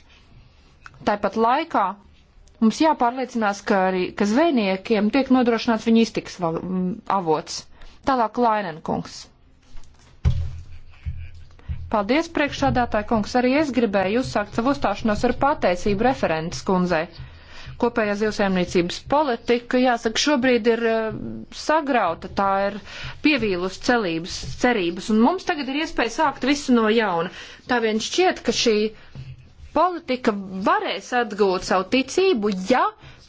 Tāpat laikā mums jāpārliecinās, ka arī ka zvejniekiem tiek nodrošināts viņu iztiks avots. Tālāk Lainenkungs. Paldies, priekšsādātāji kungs, arī es gribēju uzsākt savu uzstāšanos ar pateicību referents kundzei Kopējā zivsaimniecības politika, jāsaka, šobrīd ir eh, sagrauta, tā ir pievīlus celības, cerības, un mums tagad ir iespēja sākt visu no jauna. Tā vien šķiet, ka šī politika varēs atgūt savu ticību, ja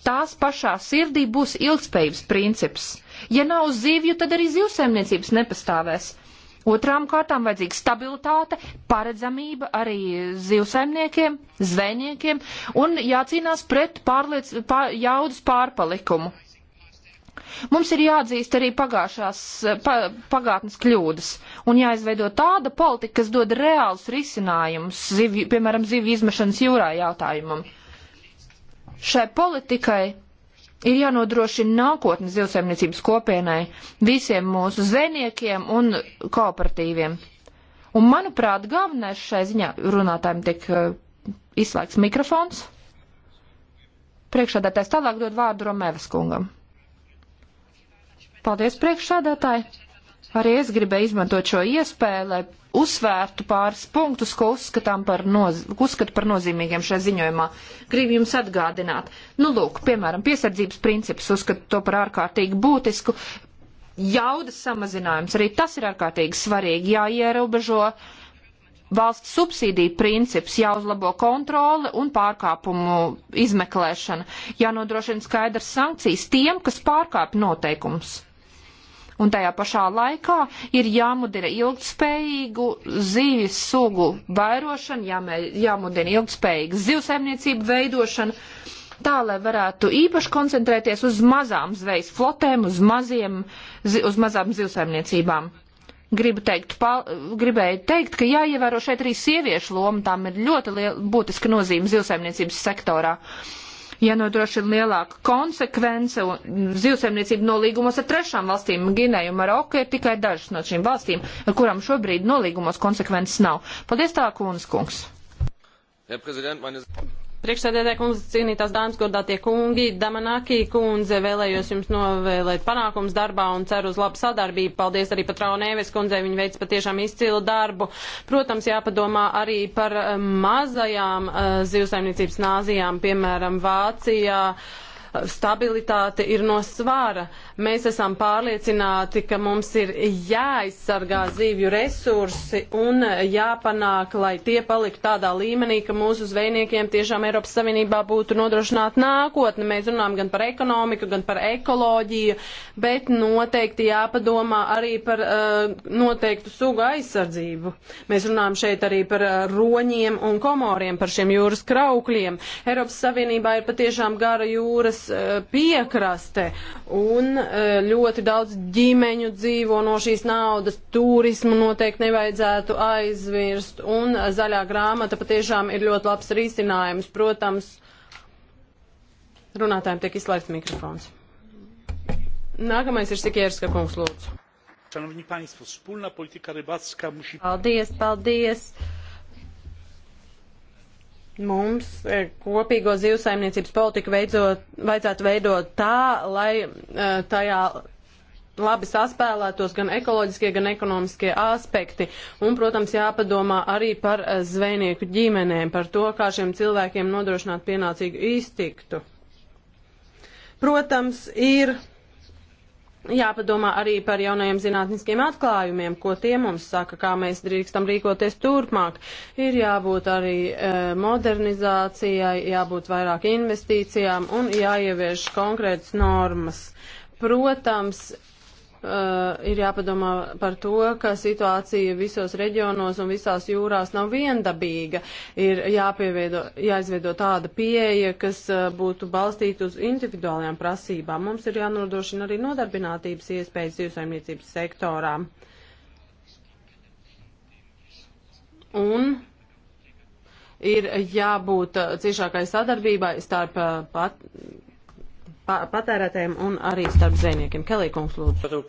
tās pašā sirdī būs ilgspējības princips. Ja nav zivju, tad arī zivsaimniecības nepastāvēs. Otrām kārtām vajadzīga stabilitāte, paredzamība arī zivsaimniekiem, zvejniekiem un jācīnās pret pārliec, pār, jaudas pārpalikumu. Mums ir jāatzīst arī pagājušās, pa, pagātnes kļūdas un jāizveido tāda politika, kas dod reāls risinājums, zivi, piemēram, zivju izmešanas jūrā jautājumam. Šai politikai ir jānodrošina nākotnes zivsaimniecības kopienai, visiem mūsu zvejniekiem un kooperatīviem. Un, manuprāt, galvenais šai ziņā runātājiem tiek uh, izslēgts mikrofons. Priekšādātājs tālāk dod vārdu Romēvas kungam. Paldies, priekšādātāji! Arī es gribēju izmantot šo iespēju, lai uzsvērtu pāris punktus, ko uzskatām par, noz uzskatu par nozīmīgiem šajā ziņojumā. Gribu jums atgādināt. Nu, lūk, piemēram, piesardzības princips uzskatu to par ārkārtīgi būtisku. Jaudas samazinājums arī tas ir ārkārtīgi svarīgi, jāierobežo valsts subsīdiju princips, jāuzlabo kontrole un pārkāpumu izmeklēšana, jānodrošina skaidrs sankcijas tiem, kas pārkāp noteikums. Un tajā pašā laikā ir jāmudina ilgtspējīgu zīves sugu vairošanu, jāmē, jāmudina ilgtspējīgu zivsaimniecību veidošanu, tā lai varētu īpaši koncentrēties uz mazām zvejas flotēm, uz, maziem, uz mazām zivsaimniecībām. Gribu teikt, pal, gribēju teikt, ka jāievēro šeit arī sieviešu loma, tām ir ļoti liela būtiska nozīme zivsaimniecības sektorā. Uh, jānodrošina lielāka konsekvence un zivsaimniecība nolīgumos ar trešām valstīm. Gineja un Maroka ir tikai dažas no šīm valstīm, ar kurām šobrīd nolīgumos konsekvences nav. Paldies tā, Kūnas kungs! Priekšsēdētāji kundze, cienītās dāmas, godātie kungi, Damanakī kundze, vēlējos jums novēlēt panākums darbā un ceru uz labu sadarbību. Paldies arī pat Raunēves kundzei, viņa veic patiešām izcilu darbu. Protams, jāpadomā arī par eh, mazajām uh, zivsaimniecības nāzijām, piemēram, Vācijā. Stabilitāte ir no svāra. Uh, Mēs esam pārliecināti, ka mums ir jāaizsargā zīvju resursi un jāpanāk, lai tie paliktu tādā līmenī, ka mūsu zvejniekiem tiešām Eiropas Savienībā būtu nodrošināta nākotne. Mēs runājam gan par ekonomiku, gan par ekoloģiju, bet noteikti jāpadomā arī par uh, noteiktu sugu aizsardzību. Mēs runājam šeit arī par uh, roņiem un komoriem, par šiem jūras kraukļiem. Eiropas Savienībā ir patiešām gara jūras uh, piekraste, un E, ļoti daudz ģimeņu dzīvo no šīs naudas, turismu noteikti nevajadzētu aizvirst, un zaļā grāmata patiešām ir ļoti labs risinājums. Protams, runātājiem tiek izslēgts mikrofons. Nākamais ir Sikierska kungs, lūdzu. Paldies, paldies. Uh, Mums eh, kopīgo zivsaimniecības politiku veidzot, vajadzētu veidot tā, lai eh, tajā labi saspēlētos gan ekoloģiskie, gan ekonomiskie aspekti. Un, protams, jāpadomā arī par eh, zvejnieku ģimenēm, par to, kā šiem cilvēkiem nodrošināt pienācīgu iztiktu. Protams, ir jāpadomā arī par jaunajiem zinātniskiem atklājumiem, ko tie mums saka, kā mēs drīkstam rīkoties turpmāk. Ir jābūt arī e, modernizācijai, jābūt vairāk investīcijām un jāievieš konkrētas normas. Protams, Uh, ir jāpadomā par to, ka situācija visos reģionos un visās jūrās nav viendabīga. Ir jāizveido tāda pieeja, kas uh, būtu balstīta uz individuālajām prasībām. Mums ir jānodrošina arī nodarbinātības iespējas dzīvesaimniecības sektorā. Un ir jābūt eh, ciešākai sadarbībai starp pat patērētājiem un arī starp zvejniekiem. Kelī kungs lūdzu.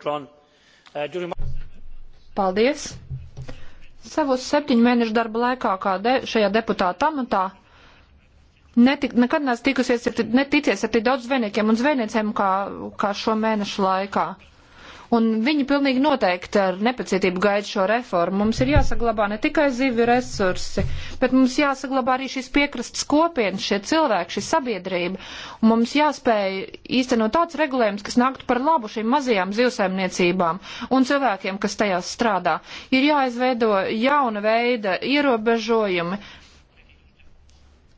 Paldies! Savos septiņu mēnešu darba laikā, kā de, šajā deputāta amatā, netik, nekad neesmu tikusies, neticies ar tik daudz zvejniekiem un zvejniecēm kā, kā šo mēnešu laikā. Un viņi pilnīgi noteikti ar nepacietību gaida šo reformu. Mums ir jāsaglabā ne tikai zivju resursi, bet mums jāsaglabā arī šīs piekrastas kopienas, šie cilvēki, šī sabiedrība. Un mums jāspēj īstenot tāds regulējums, kas nāktu par labu šīm mazajām zivsaimniecībām un cilvēkiem, kas tajās strādā. Ir jāizveido jauna veida ierobežojumi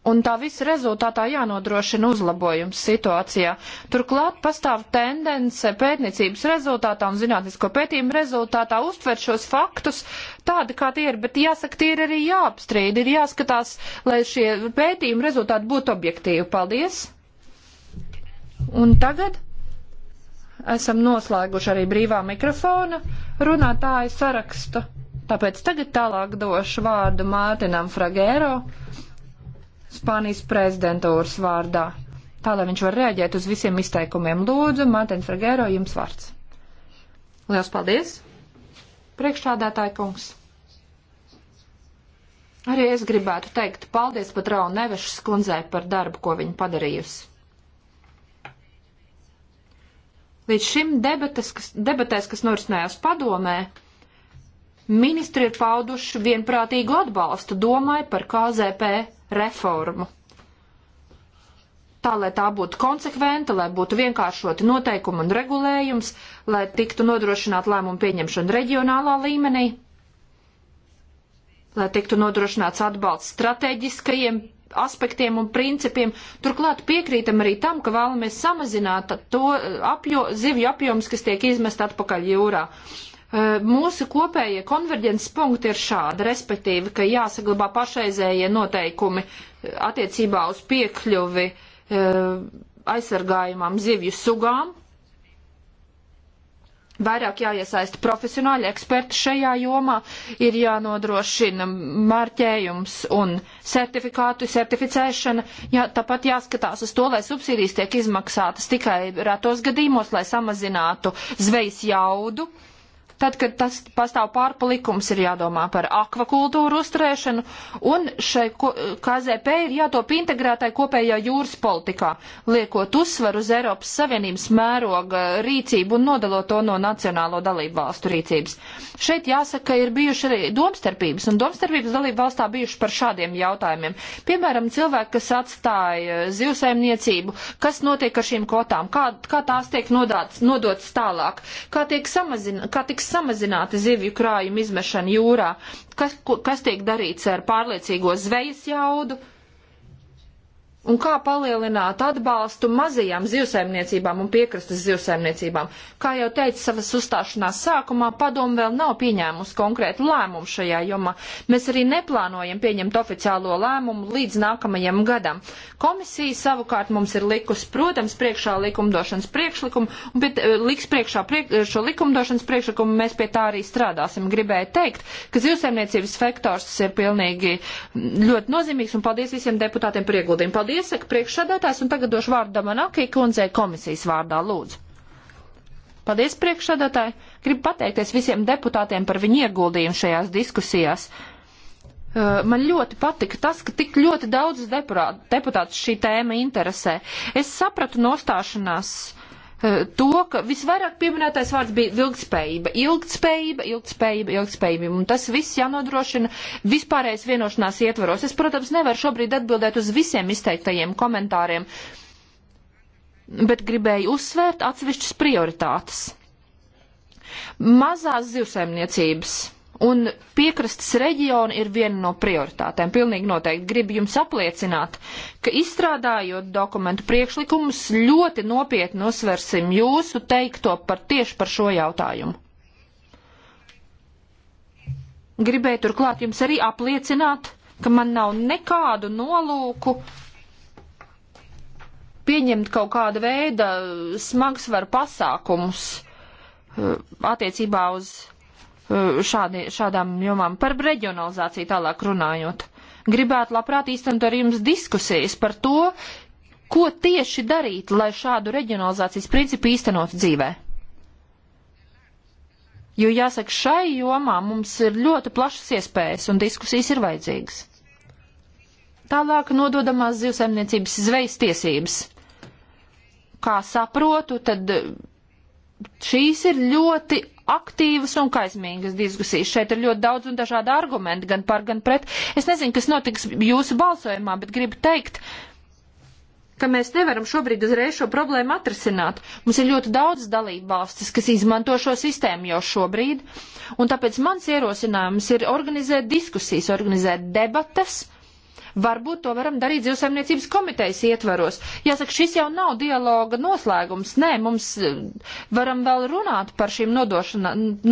un tā visa rezultātā jānodrošina uzlabojums situācijā. Turklāt pastāv tendence pētniecības rezultātā un zinātnisko pētījumu rezultātā uztvert šos faktus tādi, kā tie ir, bet jāsaka, tie ir arī jāapstrīd, ir jāskatās, lai šie pētījumu rezultāti būtu objektīvi. Paldies! Un tagad esam noslēguši arī brīvā mikrofona runātāju sarakstu, tāpēc tagad tālāk došu vārdu Mārtinam Fragēro Spānijas prezidentūras vārdā. Tā, lai viņš var reaģēt uz visiem izteikumiem. Lūdzu, Mārtiņ Fragēro, jums vārds. Liels paldies, priekšstādātāja kungs. Arī es gribētu teikt paldies pat Rau Nevešas kundzei par darbu, ko viņa padarījusi. Līdz šim debates, kas, debatēs, kas norisinājās padomē, ministri ir pauduši vienprātīgu atbalstu domai par KZP reformu. Tā, lai tā būtu konsekventa, lai būtu vienkāršoti noteikumi un regulējums, lai tiktu nodrošināt lēmumu pieņemšanu reģionālā līmenī, lai tiktu nodrošināts atbalsts strateģiskajiem aspektiem un principiem. Turklāt piekrītam arī tam, ka vēlamies samazināt to apjo, zivju apjoms, kas tiek izmest atpakaļ jūrā. Uh, Eh, mūsu kopējie konverģences punkti ir šādi, respektīvi, ka jāsaglabā pašreizējie noteikumi eh, attiecībā uz piekļuvi eh, aizsargājumām zivju sugām. Vairāk jāiesaista profesionāļi eksperti šajā jomā, ir jānodrošina marķējums un certifikātu certificēšana, jā, tāpat jāskatās uz to, lai subsīdijas tiek izmaksātas tikai rētos gadījumos, lai samazinātu zvejas jaudu. Uh, Tad, kad tas pastāv pārpalikums, ir jādomā par akvakultūru uzturēšanu, un šai KZP ir jātop integrētai kopējā jūras politikā, liekot uzsvaru uz Eiropas Savienības mēroga rīcību un nodalot to no nacionālo dalību valstu rīcības. Šeit jāsaka, ka ir bijuši arī domstarpības, un domstarpības dalību valstā bijuši par šādiem jautājumiem. Piemēram, cilvēki, kas atstāja zivsaimniecību, kas notiek ar šīm kvotām, kā, kā tās tiek nodāts, nodots tālāk, kā tiek samazināts, kā tiks samazināti zivju krājumu izmešana jūrā, kas, kas tiek darīts ar pārliecīgo zvejas jaudu, Un kā palielināt atbalstu mazajām zivsaimniecībām un piekrastes zivsaimniecībām? Kā jau teicu savas uzstāšanās sākumā, padomu vēl nav pieņēmusi konkrētu lēmumu šajā jomā. Mēs arī neplānojam pieņemt oficiālo lēmumu līdz nākamajam gadam. Komisija savukārt mums ir likusi, protams, priekšā likumdošanas priekšlikumu, un bet, eh, liks priekšā priek, šo likumdošanas priekšlikumu mēs pie tā arī strādāsim. Gribēju teikt, ka zivsaimniecības vektors ir pilnīgi mm, ļoti nozīmīgs, un paldies visiem deputātiem par ieguldījumu. Paldies Paldies, saka priekšsādātājs, un tagad došu vārdu Damanakī kundzei komisijas vārdā, lūdzu. Paldies, priekšsādātāji. Gribu pateikties visiem deputātiem par viņu ieguldījumu šajās diskusijās. Uh, man ļoti patika tas, ka tik ļoti daudz deputātus šī tēma interesē. Es sapratu nostāšanās Eh, to, ka visvairāk pieminētais vārds bija ilgspējība, ilgspējība, ilgspējība, ilgspējība, un tas viss jānodrošina vispārējais vienošanās ietvaros. Es, protams, nevaru šobrīd atbildēt uz visiem izteiktajiem komentāriem, bet gribēju uzsvērt atsevišķas prioritātes. Mazās zivsaimniecības Un piekrastes reģiona ir viena no prioritātēm. Pilnīgi noteikti gribu jums apliecināt, ka izstrādājot dokumentu priekšlikumus, ļoti nopietni uzsversim jūsu teikto par tieši par šo jautājumu. Gribēju turklāt jums arī apliecināt, ka man nav nekādu nolūku pieņemt kaut kāda veida smagsvaru pasākumus uh, attiecībā uz Eh, šādi, šādām jomām. Par reģionalizāciju tālāk runājot. Gribētu labprāt īstenot ar jums diskusijas par to, ko tieši darīt, lai šādu reģionalizācijas principu īstenot dzīvē. Jo jāsaka, šai jomā mums ir ļoti plašas iespējas un diskusijas ir vajadzīgas. Tālāk nododamās zivsaimniecības zvejas tiesības. Kā saprotu, tad šīs ir ļoti aktīvas un kaismīgas diskusijas. Šeit ir ļoti daudz un dažādi argumenti gan par, gan pret. Es nezinu, kas notiks jūsu balsojumā, bet gribu teikt, ka mēs nevaram šobrīd uzreiz šo problēmu atrisināt. Mums ir ļoti daudz dalību valstis, kas izmanto šo sistēmu jau šobrīd, un tāpēc mans ierosinājums ir organizēt diskusijas, organizēt debatas, uh, Varbūt to varam darīt dzīvesaimniecības komitejas ietvaros. Jāsaka, šis jau nav dialoga noslēgums. Nē, mums eh, varam vēl runāt par šīm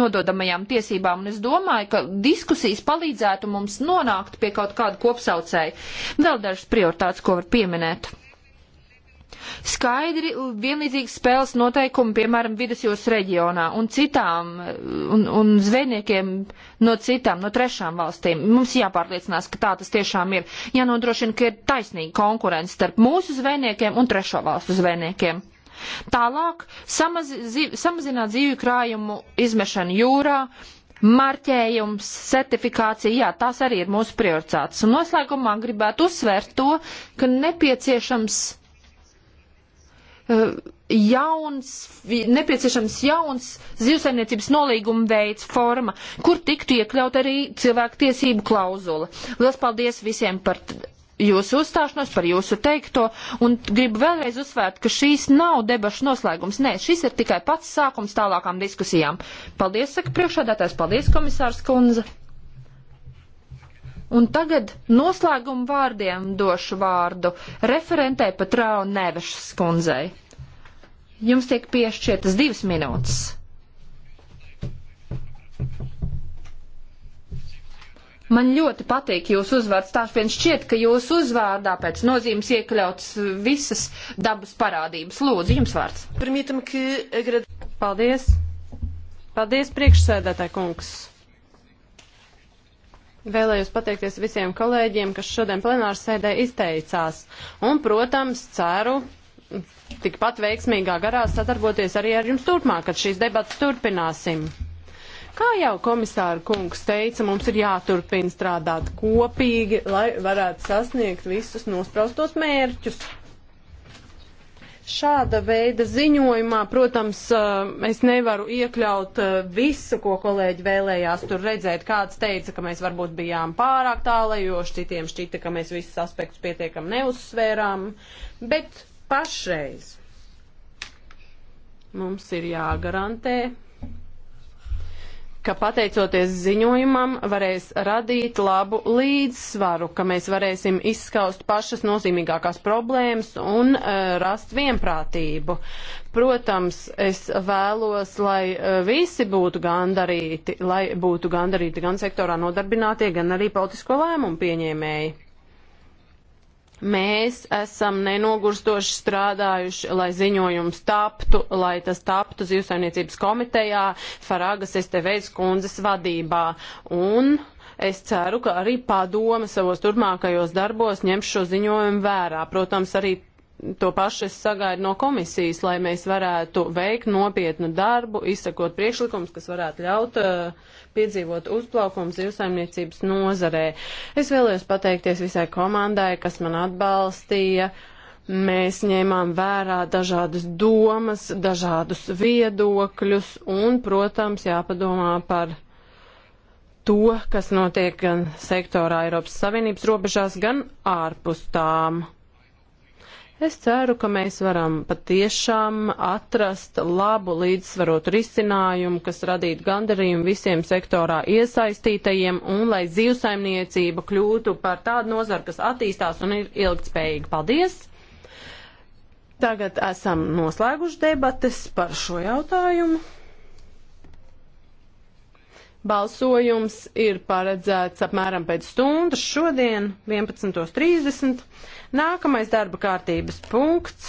nododamajām tiesībām, un es domāju, ka diskusijas palīdzētu mums nonākt pie kaut kāda kopsaucēja. Vēl dažas prioritātes, ko var pieminēt skaidri vienlīdzīgi spēles noteikumi, piemēram, vidusjūras reģionā un citām, un, un zvejniekiem no citām, no trešām valstīm. Mums jāpārliecinās, ka tā tas tiešām ir. Jānodrošina, ka ir taisnīga konkurence starp mūsu zvejniekiem un trešo valstu zvejniekiem. Tālāk samaz, zi, samazināt dzīvju krājumu izmešanu jūrā, marķējums, certifikācija, jā, tās arī ir mūsu prioritātes. Un noslēgumā gribētu uzsvērt to, ka nepieciešams Eh, jauns, nepieciešams jauns zivsainiecības nolīguma veids, forma, kur tiktu iekļaut arī cilvēktiesību klauzula. Lielas paldies visiem par jūsu uzstāšanos, par jūsu teikto, un gribu vēlreiz uzsvērt, ka šīs nav debašu noslēgums. Nē, šis ir tikai pats sākums tālākām diskusijām. Paldies, saka priekšādātājs, paldies, komisārs Kunze. Un tagad noslēguma vārdiem došu vārdu referentē Patrāu Nevešas kundzei. Jums tiek piešķirtas divas minūtes. Man ļoti patīk jūsu uzvārds. Tā vien šķiet, ka jūsu uzvārdā pēc nozīmes iekļauts visas dabas parādības. Lūdzu, jums vārds. Paldies. Paldies, priekšsēdētāji kungs. Vēlējos pateikties visiem kolēģiem, kas šodien plenāru sēdē izteicās. Un, protams, ceru tikpat veiksmīgā garā sadarboties arī ar jums turpmāk, kad šīs debatas turpināsim. Kā jau komisāra kungs teica, mums ir jāturpina strādāt kopīgi, lai varētu sasniegt visus nospraustos mērķus. Šāda veida ziņojumā, protams, es nevaru iekļaut visu, ko kolēģi vēlējās tur redzēt. Kāds teica, ka mēs varbūt bijām pārāk tālajoši, citiem šķita, ka mēs visus aspektus pietiekam neuzsvērām, bet pašreiz mums ir jāgarantē ka pateicoties ziņojumam varēs radīt labu līdzsvaru, ka mēs varēsim izskaust pašas nozīmīgākās problēmas un uh, rast vienprātību. Protams, es vēlos, lai uh, visi būtu gandarīti, lai būtu gandarīti gan sektorā nodarbinātie, gan arī politisko lēmumu pieņēmēji. Mēs esam nenogurstoši strādājuši, lai ziņojums taptu, lai tas taptu zivsaimniecības komitejā Faragas Esteveids kundzes vadībā. Un es ceru, ka arī padome savos turpmākajos darbos ņems šo ziņojumu vērā. Protams, arī to pašu es sagaidu no komisijas, lai mēs varētu veikt nopietnu darbu, izsakot priekšlikums, kas varētu ļaut. Uh, piedzīvot uzplaukumu zivsaimniecības nozarē. Es vēlējos pateikties visai komandai, kas man atbalstīja. Mēs ņēmām vērā dažādas domas, dažādus viedokļus un, protams, jāpadomā par to, kas notiek gan sektorā Eiropas Savienības robežās, gan ārpus tām. Es ceru, ka mēs varam patiešām atrast labu līdzsvarotu risinājumu, kas radītu gandarījumu visiem sektorā iesaistītajiem un lai zivsaimniecība kļūtu par tādu nozaru, kas attīstās un ir ilgtspējīga. Paldies! Tagad esam noslēguši debates par šo jautājumu. Balsojums ir paredzēts apmēram pēc stundas šodien, 11.30. Nākamais darba kārtības punkts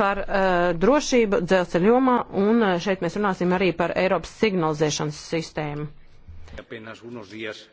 par uh, drošību dzelzceļa jomā, un uh, šeit mēs runāsim arī par Eiropas signalizēšanas sistēmu. Apenas unos días